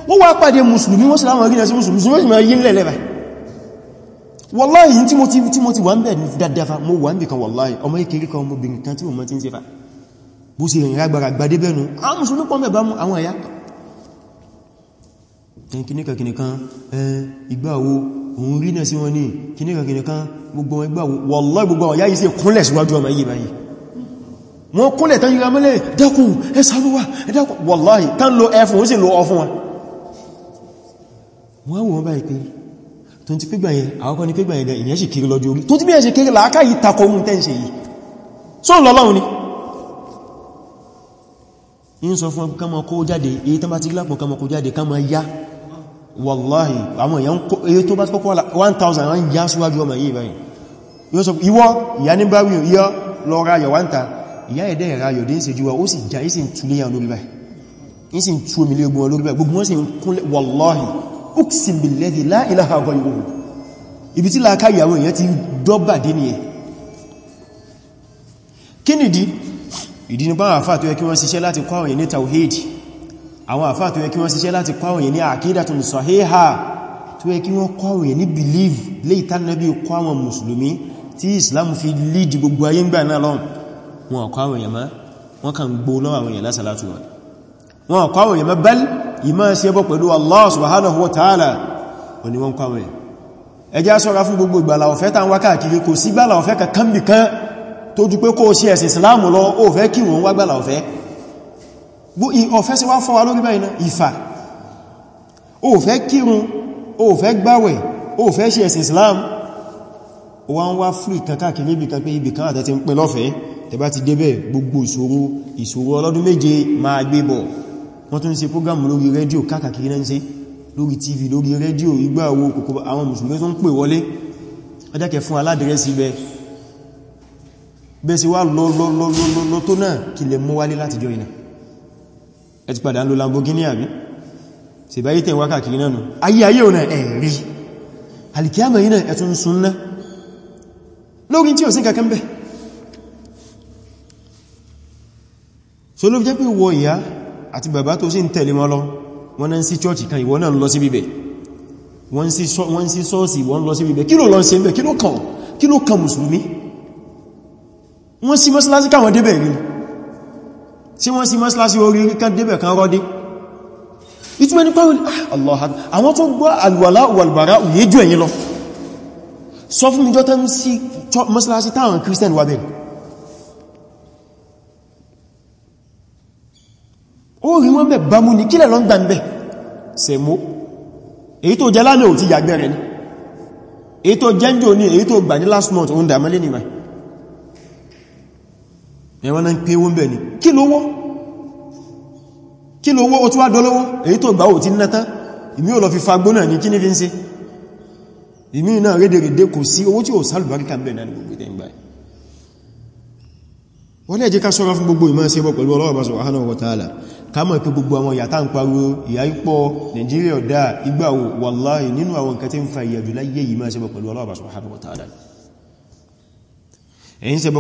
Speaker 1: wọ́n wá pàdé mùsùlùmí wọ́n sàlámà rí na sí mùsùlùmí wọ́n sì máa yí lẹ́lẹ́bà wọ́láyìí tí mo ti wà ń bẹ̀ dáadáa mo wà ń bẹ̀ kan wọ́láyìí ọmọ ìkiri kan ọmọbìnrin kan tí mo mọ́ tí ń ṣe fà bó ṣe ìrìn agbára gbadé bẹ̀nu àwọn mùsùlùmí pọ̀ mẹ́bàá mú àwọn ẹ̀yà kìnnìkan kìnnìkan igbáwo òun rí náà sí wọn ní kìníkàkìníkan gbogbo ẹgbà wallahi gbogbo àwọn yáyí sí kúnlẹ̀ síwájú ọmọ yìí báyìí wọ́n kúnlẹ̀ tán yíra mọ́lẹ̀ dákùn ẹsàlúwà ẹdákùn wallahi tán lo ẹfún lo ọfún wọn wọ́n wọ́n báyìí pé tó ti pígbà yẹn àwọ́kọ́ ni pígbà yẹn ìyẹn sì kiri lọ́jọ́ orí tó ti bí ẹ̀ṣẹ̀ kiri làákà yìí takọ kama ya wallahi àwọn èèyàn èyí tó bá kọ́kọ́ 1000 wọ́n yá síwájú ọmọ yìí báyìí yóò sọ ìwọ ìyá ní bá wíyàn yọ lọ ráyọ̀ wá ta ìyá ẹ̀dẹ́ ìráyọ̀ dé ń ṣe jùwa ó sì já ìsìn túléyàn lórí báyìí ìsìn tú omi lé ogun lórí la ilaha ghayruhu ibi tí láàká ìyàwó èèyàn ti dọ́bà dé nìyẹn kí nìdí ìdí ni bá àfà tó àwọn àfáà tó yẹ kí wọ́n ṣiṣẹ́ láti kọ́wọ̀nyẹ ní àkídàtún sọ̀híhà tó yẹ kí wọ́n kọ́wọ̀nyẹ ní belief lè tánàbí kọ́wọ̀n mùsùlùmí tí islam fi lead gbogbo ayé ń gbà náà lọ́n wọn wọ́n kàn gbó lọ́wọ́ bal ìmá ṣe bọ́ pẹ̀lú allah ta'ala wọn ni wọ́n kọ́wọ̀nyẹ ẹjá sọ́ra fún gbogbo ìgbàlà ọ̀fẹ́ tán wá káàkiri kò sí gbàlà ọ̀fẹ́ kankan bìkan tó ju ọ̀fẹ́ sí wá fọ́wà lórí báyìí náà ìfà o fẹ́ kírun o fẹ́ gbáwẹ̀ o fẹ́ ṣe ẹ̀sìn Islam o wá ń wá fúrì kankáàkì níbi kan pé ibi kan àtẹ́ ti ń pè lọ́fẹ̀ẹ́ tẹbá ti débẹ̀ gbogbo ìṣòro ìṣòro ọlọ́dún méje máa gbé bọ̀ wọ́n tún ṣe prógámù lórí rédíò káàkiri náà ń ṣe lórí tv lórí rédíò ìgbà wo kòkó àwọn mùsùlùmí tó ń pè wọlé ọjọ́kẹ̀ fún aládìrẹ́sì bẹ bẹ́ sí wá lọ́lọ́lọ́lọ́ tó náà kí lè mú wálé láti jọ ìnà ẹ ti padà ń lo Lamborghini àbí sì báyé tẹ̀ wákàkiri náà nù ayé ayé ò náà ẹ̀rí alìkíyàmà yìí náà ẹ̀tún súnná lórí tí ò sí kankan bẹ́ so ló fi jẹ́ pé wọ ìyá àti bàbá tó sì ń tẹ̀lé wọn lọ wọ́n náà ń sí chọ́ọ̀chì kan ìwọ náà ń lọ sí bíbẹ̀ wọ́n sí sọ́ọ̀sì wọ́n lọ tí wọ́n sí mọ́sílásí orí kan débẹ̀ kan rọ́dé ìtumẹ̀ ní pẹ́rù ah, àwọn tó gbọ́ alwàlá wàlbàrá òye jù ẹ̀yìn lọ sọ fún ìjọ tán sí mọ́sílásí táwọn christian wà bẹ̀rẹ̀ ó rí wọ́n bẹ̀ bá mú ní kílẹ̀ lọ ń gbà ń bẹ̀ sẹ̀mó èyí tó jẹ́ lánàá ò ni èyí tó jẹ́ ń jò last month òun dàmọ́lé nìmọ̀ ẹwọ́n náà ń pé owó ń bẹ̀ ní kí lówó kí lówó o tí wá dọ́lówó èyí tó gbáwò tí náta ìmí ò lọ fi fagbó náà ní kí ní fi ń ṣe ìmí náà rédè rédè kò sí owó tí ò sálùbáríkà bẹ̀ náà ní gbogbo ìtẹ́ ìgbà wọ́n lè jẹ́ ká sọ́ra fún gbogbo ìmọ̀ ìṣẹ́bọ̀ pẹ̀lú Ọlọ́run Ọba Subhanahu wa Ta'ala ká mọ̀ pé gbogbo àwọn ìyà tá ń pariwo ń fa ìyà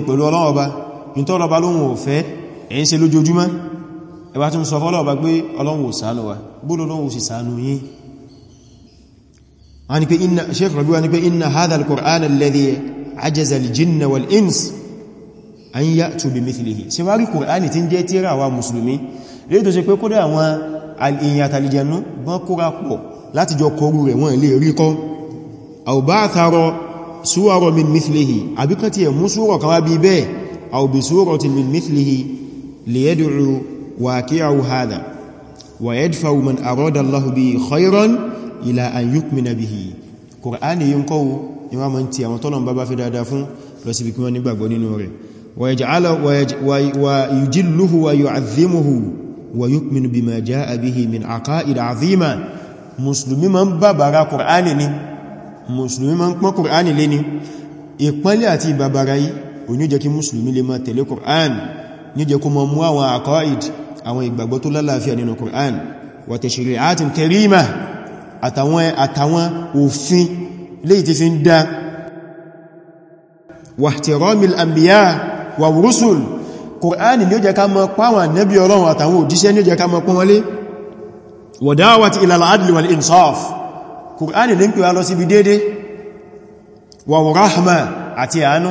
Speaker 1: pẹ̀lú Ọlọ́run ìtọ́lọba lóhun ò fẹ́ ẹ̀yìn ṣe lójoojúmọ́ ẹwà tí ń sọ fọ́lọ́ọ̀bá pé ọlọ́run ò ṣàánú wa bóòlò lọ́run sì ṣàánú yín a ni pé inna sheikh rabi wa ni pé inna hadha al-qur'an alladhi ajaza al-jinna wal-ins an ya'tu bi mithlihi ṣe wá rí qur'ani tí ń jẹ́ tírà wa musulmi lè tó ṣe pé kódà kan wá bí bẹ́ẹ̀ أو بسورة من مثله ليدعو واقعه هذا ويدفع من أراد الله به خيرا إلى أن يؤمن به قرآن ينقو إمام أنت يا مطلوب بابا في دادافون بس بكما نبقى نوري ويجعله ويجله ويعظمه ويؤمن بما جاء به من عقائد عظيمة musulmi ma ń bàbàrà kùránì ni musulmi ma ń pọ́n kùránì lé òní jẹ́ kí mùsùlùmí lè máa tẹ̀lé Qur'an ní jẹ́ kó mọ́ mú àwọn àkọ́ìd àwọn ìgbàgbọ́ tó lálàáfíà nínú Qur'an wa tashri'atin karima àtàwọn àtàwọn òfin lè ti fi ń dá wa ihtiramil anbiya wa rusul Qur'an wa wa rahma àti àánú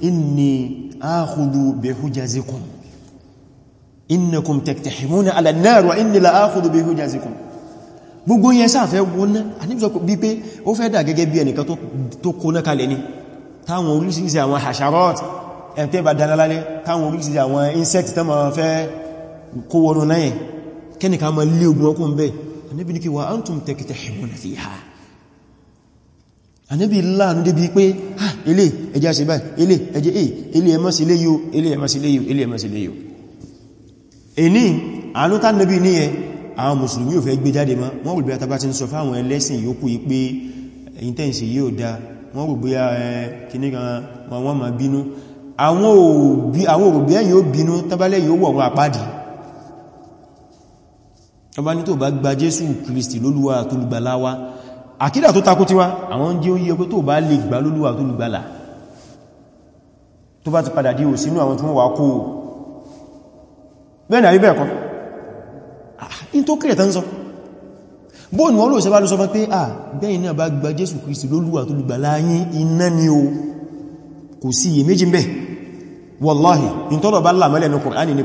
Speaker 1: inni akhudhu bihujazikum innakum taktahimuna ala an-nar wa inni la akhudhu bihujazikum gbogbo yẹn sáà fẹ́ wọná àníbìsọ bí pé ó fẹ́ dà gẹ́gẹ́ bí ẹnìkan tó kóná kalẹ̀ ní táwọn orísìírísìí àwọn hasharot ẹ̀tẹ́ bá dálalálẹ́ táwọn orísìírísìí àwọn insect tó ma fẹ́ kó wọnú náà kẹ́nìkan ma lé ogun ọkùn bẹ́ẹ̀ àníbìnikí wa antum taktahimuna fiha ànábì láàánú débi pé ilé ẹjá sí báyìí ilé ẹjẹ́ èyí ilé ẹmọ́ sí ilé yóò ilé ẹmọ́ sí ilé yóò ilé ẹmọ́ sí ilé yóò èní àánú tá nábì ní ẹ àwọn mùsùlùmí ò fẹ́ gbé jáde mọ́ wọ́n rùgbé àtàbá ti ń sọ fáwọn ẹlẹ́sìn yòókù yí pé intense yóò dá wọ́n rùgbé kìnnìkan wọ́n ma bínú àwọn òrùgbé yóò Kristi lólúwa àtolùgbàláwá àkídà tó takú tiwa àwọn jẹ́ oye pé tó bá lè gbà lólúwà tó lùgbàlà tó bá ti padà díò sínú àwọn tó wà kó bẹ́ẹ̀nà àríbẹ̀ ẹ̀kọ́ in tó kírẹ̀ tán sọ bóònù wọ́n ló ṣe bá ló sọ fẹ́ pé à bẹ́ẹ̀ náà bá gba Jésù Kristi lólúwà tó lùgbàlà yín o kò sí iyèméjì ń bẹ wallahi in tọ́lọ̀ bá lámọ́lẹ̀ ní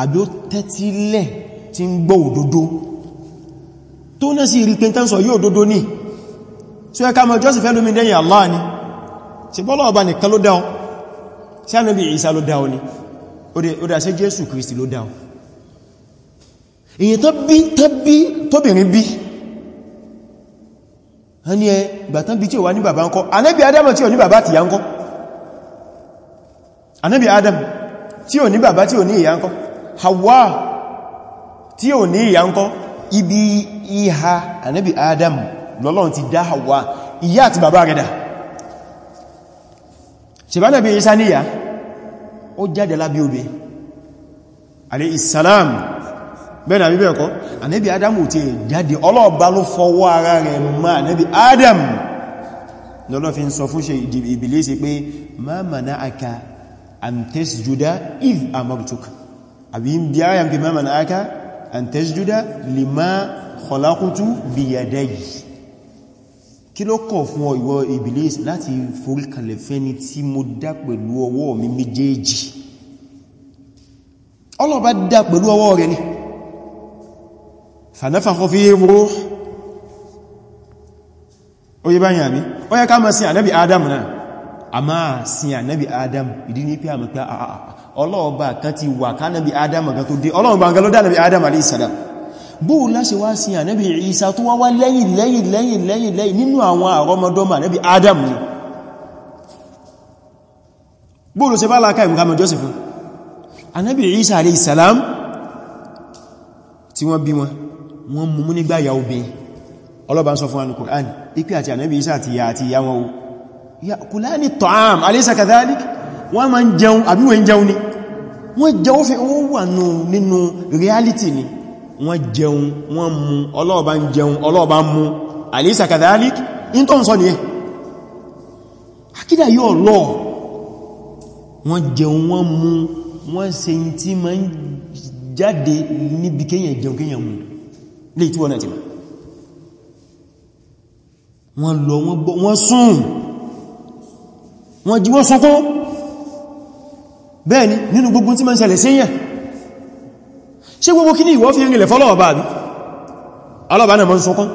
Speaker 1: àbí ó tẹ́tílẹ̀ tí ń gbọ́ òdodo tó náà sí rí pé tán sọ yóò òdodo ní tí ẹ ká mọ̀ jọ́sì fẹ́ lómi dẹ́yìn Allah ni tí bọ́lá ọba nìkan ló dáun sí ànábì Ìsá ló dáun ni ó dá sí Jésù Kristi ló dáun èyí a ní ẹ gbàtán bí tí ò wá ní bàbá ń kọ́ ànábì Adam tí ò ní bàbá àtìyá ń kọ́ Adam tí ò ní bàbá tí ò ní ìyá ń kọ́ Hawa tí ò ní ìyá ńkọ́ ibi ìhà ànábì Adam lọ́lọ́run ti dá Hawa ìyá àti bàbá rẹ̀ dà ṣèbánàbí Isa níyà ó jáde lábí obe alayhi salam bẹ́ẹ̀nà àbí bẹ́ẹ̀kọ́ ànábì Adam ò ti jáde ọlọ́ọ̀bá ló fọwọ́ ara rẹ̀ ma ànábì Adam lọ́lọ́ fi ń sọ fún ṣe ìdìbìlé pé ma mana'aka an tasjuda idh amartuka àbí ń bí ayà ń pè mẹ́mà na aka an tasjuda lima khalaqtu bi yadayi kí ló kọ̀ fún ọ ìwọ Iblis láti foríkalẹ̀ fẹ́ni tí mo dá pẹ̀lú ọwọ́ mi méjèèjì ọlọ́ba dá pẹ̀lú ọwọ́ rẹ̀ ni fanafakha fi ruh oye báyìí àbí ó yẹ ká máa sin ànábì Adam náà a máa sin ànábì Adam ìdí ní pé àmì pé àà ah, ah, ah, ọlọ́ọ̀bá kan ti wà kánàbí adama gan tó dé ọlọ́ọ̀bá gan ló dánàbí adama alayhi salam bóò láṣe wá sí ànábì Ìsá tó wá wá lẹ́yìn lẹ́yìn lẹ́yìn lẹ́yìn nínú àwọn àrọmọdọ́mọ ànábì adam ni bóò ló ṣe bá wọ́n ma ń jẹun àbí wọ́n jẹun ni wọ́n jẹun fẹ́ wọ́n wà nínú reality ni wọ́n jẹun wọ́n mu ọlọ́ọ̀bá ń jẹun ọlọ́ọ̀bá mu alaysa kadhalik in tó ń sọ nìyẹn akídà yóò lọ wọ́n jẹun wọ́n mu wọ́n ṣe tí ma ń jáde níbi kéyàn jẹun kéyàn mu lè tí wọ́n náà lọ wọ́n sùn wọ́n jí wọ́n sọ́kọ́ bẹ́ẹ̀ ni nínú gbogbo tí ma ń ṣẹlẹ̀ sí yẹn ṣe gbogbo kí ní ìwọ́ fi rinlẹ̀ fọ́lọ́ọ̀bá àbí ọlọ́ọ̀bá náà mọ́ ń sọkán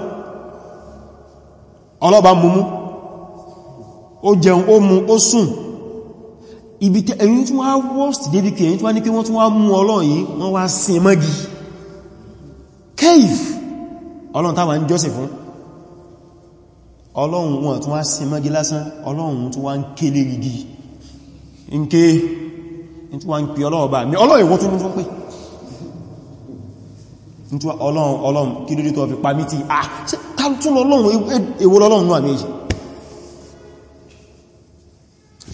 Speaker 1: ọlọ́ọ̀bá mumú ó jẹun ó mu ó sùn ibi ẹ̀yìn tí wọ́n worst débi kí ẹ̀yìn tí wọ́n ní pé wọ́n tún wá mú ọlọ́run tí wọ́n ń pè ọlọ́run bá mi ọlọ́run ìwọ́n tó ní tó ń pè tí ọlọ́run ọlọ́run kí lórí tó fi pa mí tí à ah, tún ọlọ́run èwo lọ́lọ́run náà méjì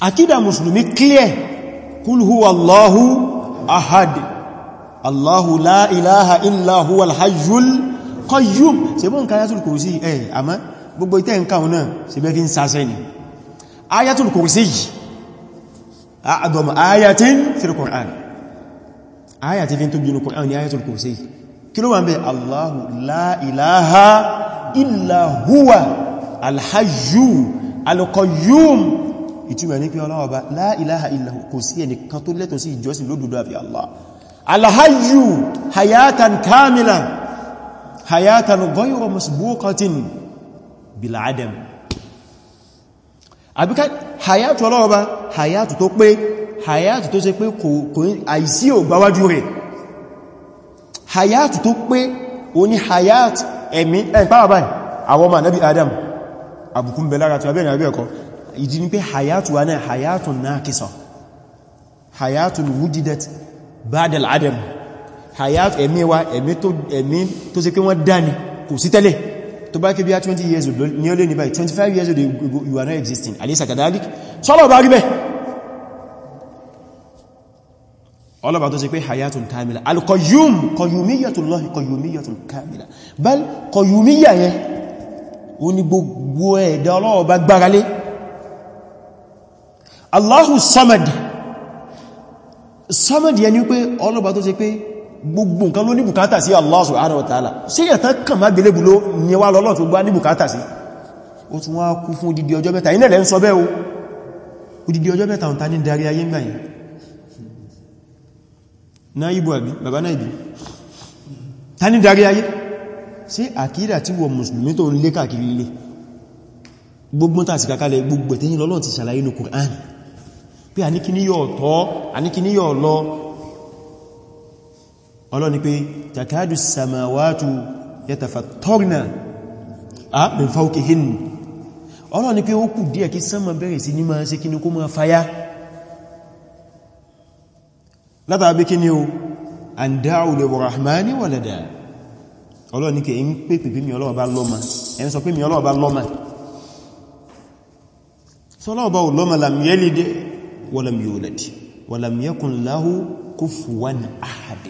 Speaker 1: àkídà mùsùlùmí clear kul huwa ahad Allahu la ilaha illa huwa ṣe bọ́n ká Ayatul Kursi ẹ̀ eh, àmá gbogbo ìtẹ́ nǹkan náà ṣe bẹ́ fi ń sasẹ́ ni Ayatul Kursi yìí أعظم آية في القرآن آية في انتو بينو القرآن آية الكرسي كلوا عن به الله لا إله إلا هو الحج القيوم ìtumọ̀ ní pé ọlọ́wọ́ bá la ilaha illa hu kò sí ẹnìkan tó lẹ́tọ̀ sí ìjọsìn lódòdó àfi Allah alhayyu hayatan kamila hayatan ghayra masbuqatin bil adam àbíká hayatu ọlọ́ọba hayatu tó pé hayatu tó ṣe pé kò àìsí ò gbáwájú rẹ̀ hayatu tó pé o ní hayatu ẹ̀mí ẹ̀páwà báyìí àwọn ọmọ anábi adam abùkún belára tí abẹ́rin abẹ́ ẹ̀kọ́ ìdí ni pé hayatu wa náà hayatu nakisa hayatu wujidat badal adam hayatu ẹ̀mí wa ẹ̀mí tó ṣe pé wọ́n dání kò sí tẹ́lẹ̀ tó bá kí bí i 20 years old ní ó lé ní báyìí 25 years old you are not existing alisa kadalik sọ́lọ̀ bá rí bẹ́ ọlọ́bà tó ṣe pé hayatun kamila alkoyum koyumiyyatun lọ́hì koyumiyyatun kamila bal koyumiyya yẹn o ní gbogbo ẹ̀dá ọlọ́ọ̀bá gbáralé allahu samad samad yẹn ni pé ọlọ́bà tó ṣe pé gbogbo nǹkan ló ní bùkátà sí Allah subhanahu wa ta'ala sí yẹ̀ tán kàn má ló ní wá lọ́lọ́ tó gbá ní bùkátà sí ó tún wá kú fún odidi ọjọ́ mẹ́ta iná ń sọ bẹ́ o odidi ọjọ́ mẹ́ta ń ta ní darí ayé ńgbà yìí náà ibu àbí bàbá náà ibi ta ní darí ayé sí àkídà tí wọ mùsùlùmí tó ń lé káàkiri ilé gbogbo tàà sí kakalẹ̀ gbogbo tẹ́yìn lọ́lọ́ ti ṣàlàyé ní Kùránì pé àníkíní yóò tọ́ àníkíní yóò lọ ọlọ́ni pé takadu samawatu yatafattarna a min fawqihin ọlọ́ni pé ó kù díẹ̀ kí sánmà bẹ̀rẹ̀ sí ní máa ṣe kí ní kó máa fayá látàbí kí ní o an da'u lir-rahmani walada ọlọ́ni kẹ ń pè pè mi Ọlọ́run bá lọ́mà ẹn sọ pé mi Ọlọ́run bá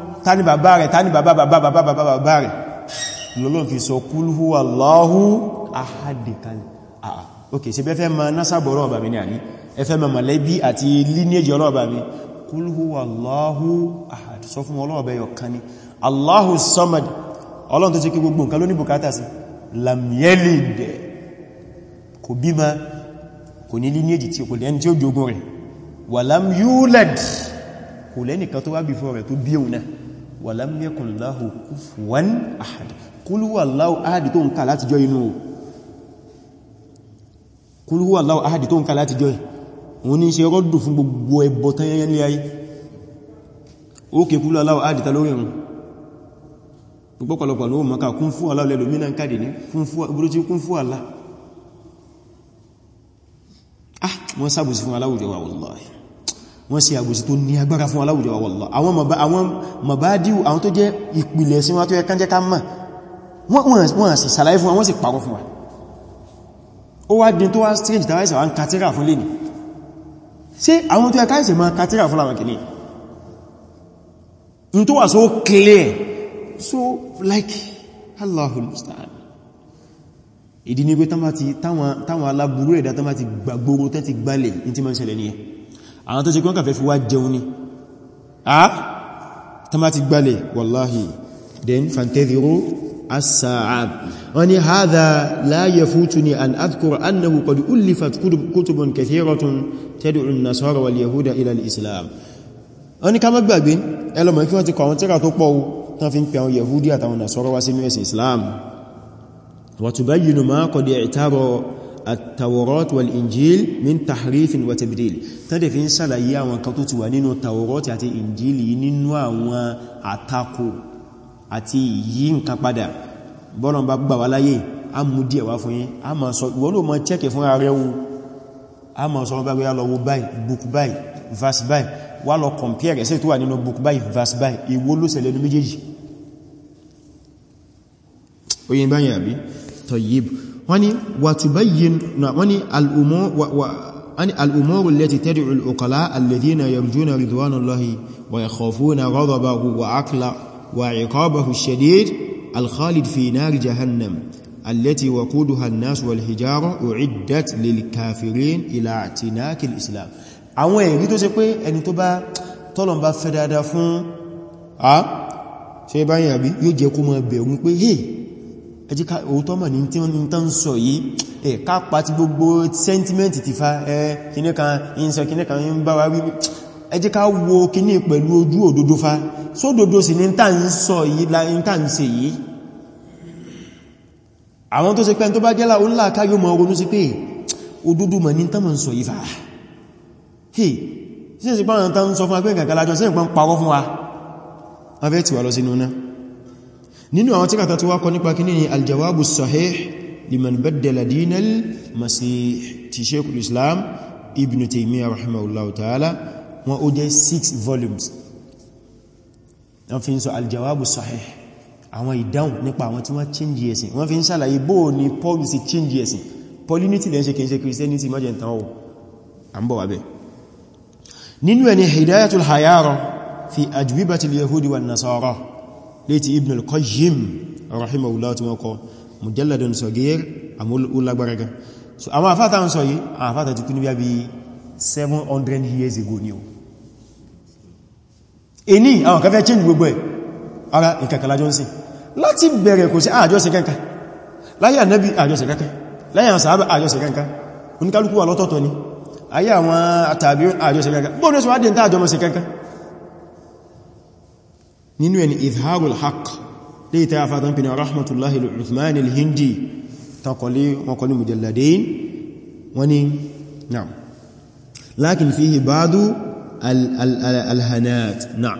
Speaker 1: tani bàbá rẹ̀ tani bàbá bàbá bàbá bàbá bàbá rẹ̀ lọ́lọ́ fi sọ kul huwa Allahu ahadi kalẹ̀ àà ah, ah. ok ṣe bẹ́ẹ̀ fẹ́ ma násàbọ̀rọ̀ ọba mi ní àní ẹfẹ́ ma mọ̀lẹ́bí àti lineage ọlọ́ọ̀bá mi kul huwa Allahu ahadi sọ fún ọlọ́ọ̀bẹ̀ yọ kan ni Allahu samad ọlọ́run tó ti kí gbogbo nǹkan ló ní bùkátà sí kò lẹ́nìkan tó wá bí fọ́ rẹ̀ tó bí òun náà walam yakun lahu kufuwan ahad kul huwa Allahu ahad tó ń kà láti jọ inú kul huwa Allahu ahad tó ń kà láti jọ wọ́n ní ṣe rọ́dù fún gbogbo ẹbọ tán yẹn ní ayé ókè kul huwa ta lórí ẹ̀rùn púpọ̀pọ̀lọpọ̀ ló mọ́ka kún fún aláwọ̀ lẹ́lò mínà ń kàdì wọ́n ṣe àgbòsí tó ní agbára fún aláwùjọ wọ́lọ́ àwọn mọ̀bádíù àwọn tó jẹ́ ìpìlẹ̀ sí wọ́n tó yẹ kánjẹ́ ká mọ̀ wọ́n sì sàlàyé fún àwọn sì parọ́ fún wa ó wá tó wá strange tàwáìsà wá ń katira fún lè ní ṣe àwọn tó yẹ káìsẹ̀ ma katira fún àwọn kìíní so clear so like Allahul musta'an ìdí ni pé táwọn aláburú ẹ̀dá tán bá ti gbàgbóró tán ti gbálẹ̀ ní tí ma ń àwọn tó ṣe kọ́nkà fẹ́ fi wá jẹun ni a tàbí ti gbalẹ̀ wallahi then fantadhiru as-sa'ab wọ́n ni hadha la yafutuni an adhkur annahu qad ullifat kutubun kathiratun tad'u an-nasara wal yahuda ila al-islam wọ́n ni ká má gbàgbé ẹlọ́mọ̀ kí wọ́n ti kọ àwọn tírà tó pọ̀ tán fi التورات والإنجيل من تحريف وتبديل تدي في نسال أيام كتوت ونينو التورات àti إنجيل nínú àwọn àtakò àti yí nǹkan padà bọ́lọ̀n bá gbà wá láyé a mú díẹ̀ wá fún yín a ma sọ ìwọ́n ló mọ́ chẹ́kẹ̀ fún ààrẹ wo a ma sọ bá gbéyà lọ́wọ́ báyìí book báyìí verse báyìí wá lọ compare ẹ̀sẹ̀ tó wà nínú book báyìí verse báyìí ìwó ló ṣẹlẹ̀ ní méjèèjì oyin báyìí àbí tọ̀yìbù wọ́n ni wàtúbáyìn wọ́n ni al'umọ́rù lẹ́ti tẹ́rì al'ukọ̀lá alladhina yarjuna ridwanullahi wa yakhafuna ghadabahu wa akla wa iqabahu shadid alkhalid fi nari jahannam التي وقودها الناس والحجارة أعدت للكافرين إلى اعتناك الإسلام àwọn ẹ̀rí tó ṣe pé ẹni tó bá tọ́lọ̀n bá fẹ́ dáadáa fún a ṣe báyìí àbí yóò jẹ́ kó mọ̀ bẹ̀rún hey ẹjí ká òótọ́ mọ̀ ní tí wọ́n ní tán sọ yìí ẹ̀ ká pa ti gbogbo sentiment ti fa ẹ kìníkan ìsọ kìníkan ń bá wa wíwí ẹjí ká wo kìní pẹ̀lú ojú òdodo fa sódodo sì ní tàn sọ yìí la ní tàn ṣe yìí àwọn tó ṣe pẹ́ tó bá jẹ́lá ó ńlá ká yóò mọ̀ ronú sí pé òdodo mọ̀ ní tán mọ̀ sọ yìí fa hey sí ẹ̀sì pàrọ̀ tán sọ fún agbẹ́ nínú àwọn tíkàtà tí wá kọ nípa kí ní aljawabu sahih liman baddala dinal masih ti sheikhul islam ibn taymiyyah rahimahullahu ta'ala wọn ó jẹ́ 6 volumes wọ́n fi ń sọ aljawabu sahih àwọn ìdáhùn nípa àwọn tí wọ́n change ẹ̀sìn wọ́n fi ń sàlàyé bó ní paul sì change ẹ̀sìn paulinity lẹ́ ṣe kìí ṣe christianity mọ́jẹ̀ntàn ọ̀ àmbọ̀ wà bẹ́ẹ̀ nínú ẹni hidayatul hayara fi ajwibatil yahudi wan nasara léti ibn al-qayyim rahimahullah tí wọ́n kọ mujalladun sagir amúlágbáraga so àwọn àfáta ń sọ yìí àwọn àfáta ti kú níbi àbí 700 years ago ni o ẹni àwọn kan fẹ́ change gbogbo ẹ̀ ara ìkàkàlá jọ́nsìn láti bẹ̀rẹ̀ kò sí ah, àjọsẹ̀ kankan láyé ànábì àjọsẹ̀ kankan láyé àwọn sàábà àjọsẹ̀ kankan oníkálùkù wà lọ́tọ̀ọ̀tọ̀ ni ayé nínú ẹni izharul haq lè ta afá tán fi na rahmatullahi al-uthmani al-hindi takọlé wọn kọlé mujalladain wani na'am lakin fihi ba'du al-hanat na'am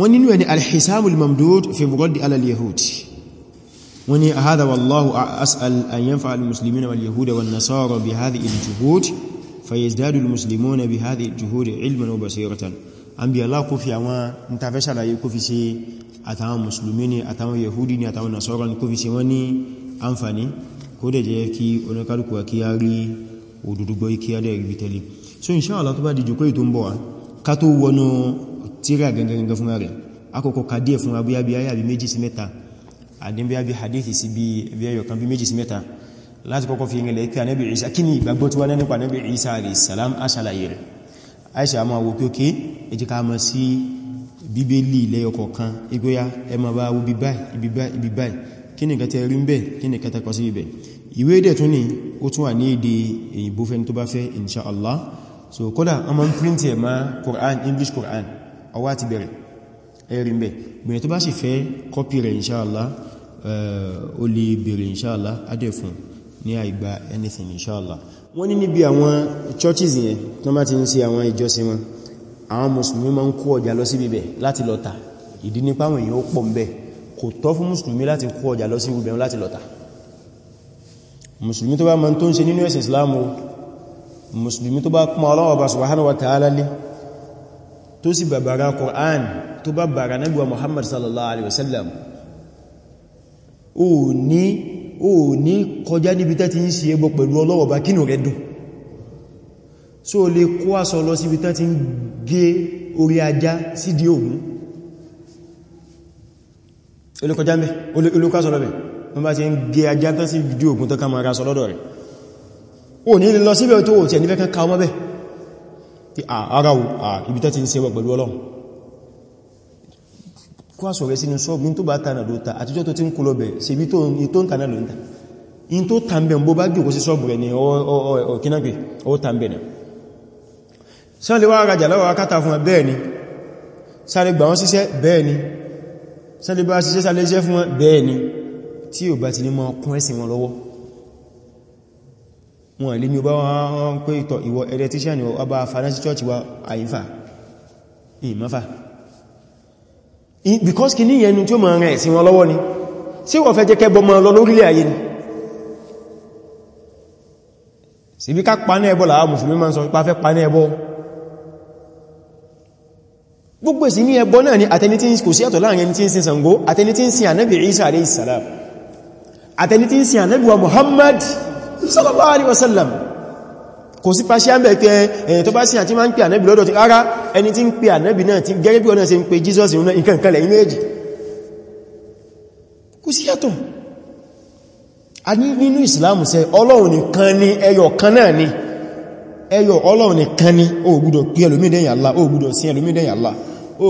Speaker 1: wani nínú ẹni al-hisamul mamdud fi burodi al-yahudi wani hada wallahu as'al an yanfa al-muslimina wal-yahuda wal-nasara bi hadhihi al-juhud fayazdadu al-muslimuna bi hadhihi al-juhud ilman wa basiratan àbí Allah kó fi àwọn interventionalaye kó fi ṣe àtàwọn musulmi ni àtàwọn yahudi ni àtàwọn nasọ́rọ̀ ni kó fi ṣe wọ́n ní àǹfàní kó dẹ̀ jẹ́ kí oníkálùkù wa kí a rí òdòdógbọ́ kí so insha Allah tó bá di jùkọ́ ètò ń bọ̀ wá ká tó wọnú tíra gangan fún rẹ̀ akọ́kọ́ ka díẹ̀ hadithi sí bí bí ẹyọ kan bí méjì sí mẹ́ta láti kọ́kọ́ fi rinlẹ̀ kí a nẹ́bì kí ni ìgbàgbọ́ tí wọ́n nípa nẹ́bì Isa alayhi salam aṣàlàyé rẹ̀ àìsà àmà wò pé òkè ẹjẹ́ ká mọ̀ sí bíbélì lẹ́yọkọ̀ kan igbóyá ẹmọ bá wo bí báyìí ibi báyìí ibi báyìí kí ni kẹta rí ń bẹ̀ ó so kódà ọmọ ń ma Quran English Quran ọwá ti bẹ̀rẹ̀ ẹ̀rin bẹ̀ bẹ̀rẹ̀ tó bá sì fẹ́ kọ́pì rẹ̀ inṣáàlá eh, ó lè bẹ̀rẹ̀ inṣáàlá adẹ̀ fún ní àìgbà anything inṣáàlá wọ́n ní níbi àwọn churches yẹn tó má ti ń ṣe àwọn ìjọsìn wọn àwọn mùsùlùmí ma ń kó ọjà lọ sí bíbẹ̀ láti lọ tà ìdí nípa àwọn èèyàn ó pọ̀ mbẹ̀ kò tọ́ fún mùsùlùmí láti kó ọjà lọ sí ibẹ̀ láti lọ tà tó bá ma tó ń ṣe nínú ẹ̀sìn Islam o mùsùlùmí tó bá pọ́n Ọlọ́run Ọba subhanahu wa ta'ala lé tó sì bàbàrà Qur'an tó bá bàbàrà Nábì wa Muhammad sallallahu alaihi wasallam ó ní o ní kọjá níbi tẹ́ ti ń ṣe ẹbọ pẹ̀lú ọlọ́wọ̀bá kínú rẹ̀ dùn so o lè kó aṣọ lọ síbi tẹ́ ti ń gé orí ajá sídi òun olùkọjá mẹ́ olùkọjá lọ́bẹ̀ wọ́n bá ti ń gé ajá tán sí ìdí ògùn tó ká máa ra sọ lọ́dọ̀ rẹ̀ o ní lọ síbẹ̀ tó ò tí ẹ̀ nífẹ́ kan ká ọmọ bẹ́ ara ibi tẹ́ ti ń ṣe ẹbọ pẹ̀lú ọlọ́run kó àṣọ rẹ̀ sínú ṣọ́ọ̀bù ní tó bá tánà ló ta àtijọ́ tó ti ń kó lọ bẹ̀ sí ibi tó ń tánà ló ń ta in tó tàbẹ̀ bó bá jù sí ṣọ́ọ̀bù rẹ̀ ní ọkínágbé ó tàbẹ̀ náà sáàlẹ̀ wá láwọ́ ni sáàlẹ̀ gbà wọ́n síṣẹ́ bẹ́ẹ̀ ni sáàlẹ̀ bá síṣẹ́ sáàlẹ̀ iṣẹ́ fún wọn bẹ́ẹ̀ ni tí ò bá ti ní mọ́ kún ẹ̀sìn wọn lọ́wọ́ wọn ilé mi bá wọn pé ìtọ̀ ìwọ ẹ̀rẹ́ tíṣẹ́ ìmọ́fà because kí ní ẹnu tí ó máa rẹ̀ sí wọn lọ́wọ́ ni sí wọ́n fẹ́ jẹ́ kẹbọ ma lọ lórílẹ̀ ayé ni sí bí ká paná ẹbọ làá mùsùlùmí ma ń sọ ipá fẹ́ paná ẹbọ gbogbo sí ní ẹbọ náà ni àtẹni tí kò sí ẹ̀tọ́ láàrin ẹni tí ń sin Ṣàngó àtẹni tí ń sin ànábì Isa alayhi salam àtẹni tí ń sin ànábì wa Muhammad sallallahu alaihi wasallam kò sí pàṣẹ àmì ẹ̀kẹ́ ẹ̀yìn tó bá sí àti máa ń pè ànẹ́bì lọ́dọ̀ ti rárá ẹni tí ń pè ànẹ́bì náà ti gẹ́gẹ́ bí ọ̀nà ṣe ń pè Jesus ìrúnà ìkànkanlẹ̀ iméjì kò sí yàtọ̀ nínú sẹ ọlọ́run nìkan ni náà ni ẹyọ ọlọ́run nìkan ni ó gbọ́dọ̀ pè ẹlòmíì lẹ́yìn Allah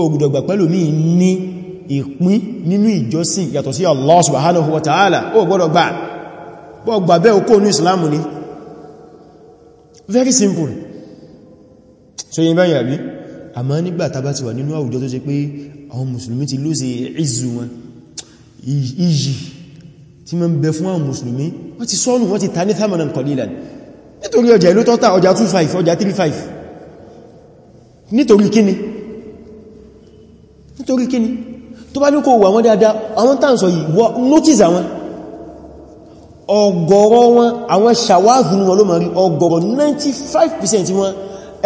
Speaker 1: yàtọ̀ very simple so yin bayan àbí àmọ́ nígbà tá bá ti wà nínú àwùjọ tó ṣe pé àwọn mùsùlùmí ti lose izu wọn iyì tí ma ń bẹ fún àwọn mùsùlùmí wọ́n ti sọnù wọ́n ti ta ní thamanan qalilan nítorí ọjà ìlú tọ́ta ọjà 25 ọjà 35 nítorí kíni nítorí kíni tó bá ní kò wà wọ́n dáadáa àwọn tàǹsọ̀ yìí notice àwọn ọ̀gọ̀rọ̀ wọn àwọn ṣàwáàzù wọn ló ma rí ọ̀gọ̀rọ̀ 95% wọn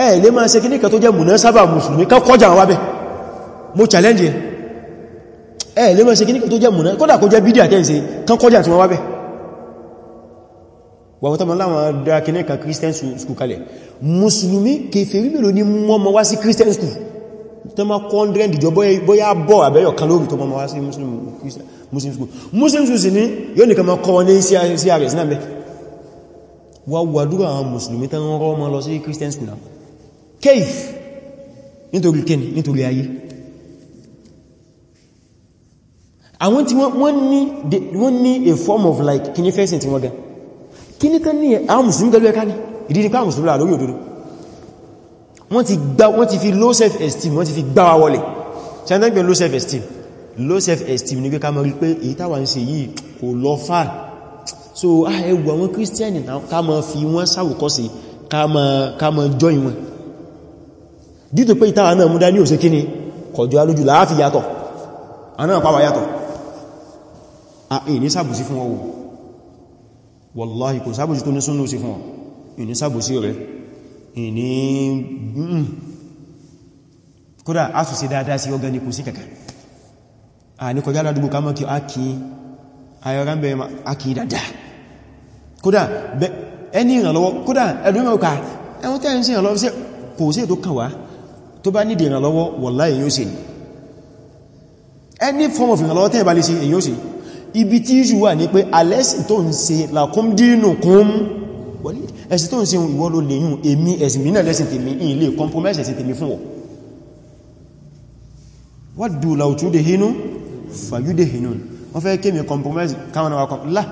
Speaker 1: ẹ̀ lè máa ṣe kíníkà tó jẹ́ mùná sábà mùsùlùmí ká kọjá wọn wábẹ̀ mo challenge ẹ̀ lè máa ṣe kíníkà tó jẹ́ mùná kódà kó jẹ́ bídí àtẹ́ǹsẹ̀ kán kọjá tí wọ́n wábẹ̀ wọ́n tó ma láwọn dá kíníkà Christian school kalẹ̀ mùsùlùmí kèfèrí mélòó ni mọ́ mọ́ wá tó má kọ́ 100 ìjọ bóyá bọ́ àbẹ́yọ̀ kan lórí tó mọ́ wá sí muslim school muslim school sì ní yóò nìkan mọ́ kọ́ wọn ní sí ààrẹ sí náà mẹ́ wà wàdúrà àwọn musulmi tán rọ́ mọ́ lọ sí christian school náà cave nítorí kéni nítorí ayé àwọn tí wọ́n ní a form of like kìní fẹ́sìn tí wọ́n gan kìní kan ní àwọn musulmi gẹ́lú ẹ̀ká ní ìdí wọ́n ti gbá wọ́n ti fi low self esteem wọ́n ti fi gbá wa wọlé ṣẹ́ndẹ́gbẹ̀ low self esteem low self esteem ní pé ká mọ̀ rí pé èyí táwa ń ṣe yìí kò lọ fà so ẹwù àwọn kírísítíẹ̀nì ká mọ̀ fi wọ́n sáwòkọ́sí ká mọ̀ join wọn dìtò pé ìtawà náà mú dání òsè kíni kọjọ alójú láàfi yàtọ̀ anáà pàwà a ìní sàbòsí fún wallahi kò sàbòsí tó ní súnlọ́sí fún ọ sàbòsí rẹ̀ ìní mm. kódà asùsí dáadáa sí ọgá ní kò sí kẹ̀kẹ́ a ní kọjá ládùgbò ká mọ́ kí ákì ayọ́rá ń bẹ̀rẹ̀ ákì dáadáa kódà ẹni ìrànlọ́wọ́ kódà ẹlùmẹ́ọ̀ká ẹwọ́n tẹ́ ń sí ìrànlọ́wọ́ sí kò sí ètò any form of ìrànlọ́wọ́ tẹ́ ìbá lè sí èyí ó sì ibi tí ìṣù wà ní pé alẹ́sì tó ń ṣe lakum dinukum waliya ẹ̀sìn tó ń ṣe ìwọ ló lè yún èmi ẹ̀sìn mínà lẹ́sìn tèmi in lè compromise ẹ̀sìn tèmi fún ọ waddu law tudhinu fayudhinu wọ́n fẹ́ kémi compromise káwọn náà wakọ̀ lá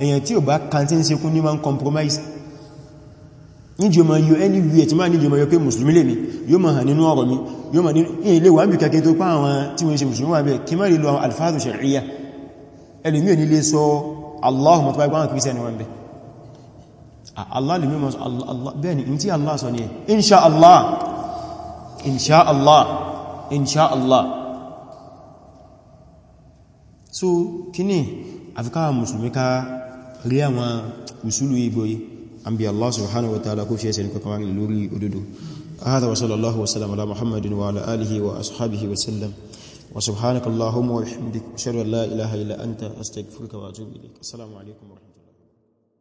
Speaker 1: èyàn tí ò bá kàntí ń sekún ní ma ń compromise níjò ma yọ ẹni wíyẹ tí máa níjò ma yọ pé mùsùlùmí lè mi yóò ma hàn nínú ọ̀rọ̀ mi yóò ma nínú ilé wà ń bí kẹkẹ tó pàwọn tí wọ́n ṣe mùsùlùmí wà bẹ́ẹ̀ kí má rí lọ alfáàdù ṣàríyà ẹlùmí ò ní lè sọ Allahumma tó bá gbáhàn kìí ni wọn bẹ́ẹ̀ Allah lè mímọ̀ bẹ́ẹ̀ni in tí Allah sọ ní ẹ̀ inṣáàlá inṣáàlá inṣáàlá so kíní àfikáwà musulmi ká rí àwọn usulu igboyi an bí Allah subhanahu wa ta'ala kó fi ẹsẹ̀ ní kọkànwà lórí òdodo هذا وصلى الله وسلم على محمد وعلى آله وأصحابه وسلم وسبحانك اللهم وبحمدك أشهد أن لا إله إلا أنت أستغفرك وأتوب إليك السلام عليكم ورحمة الله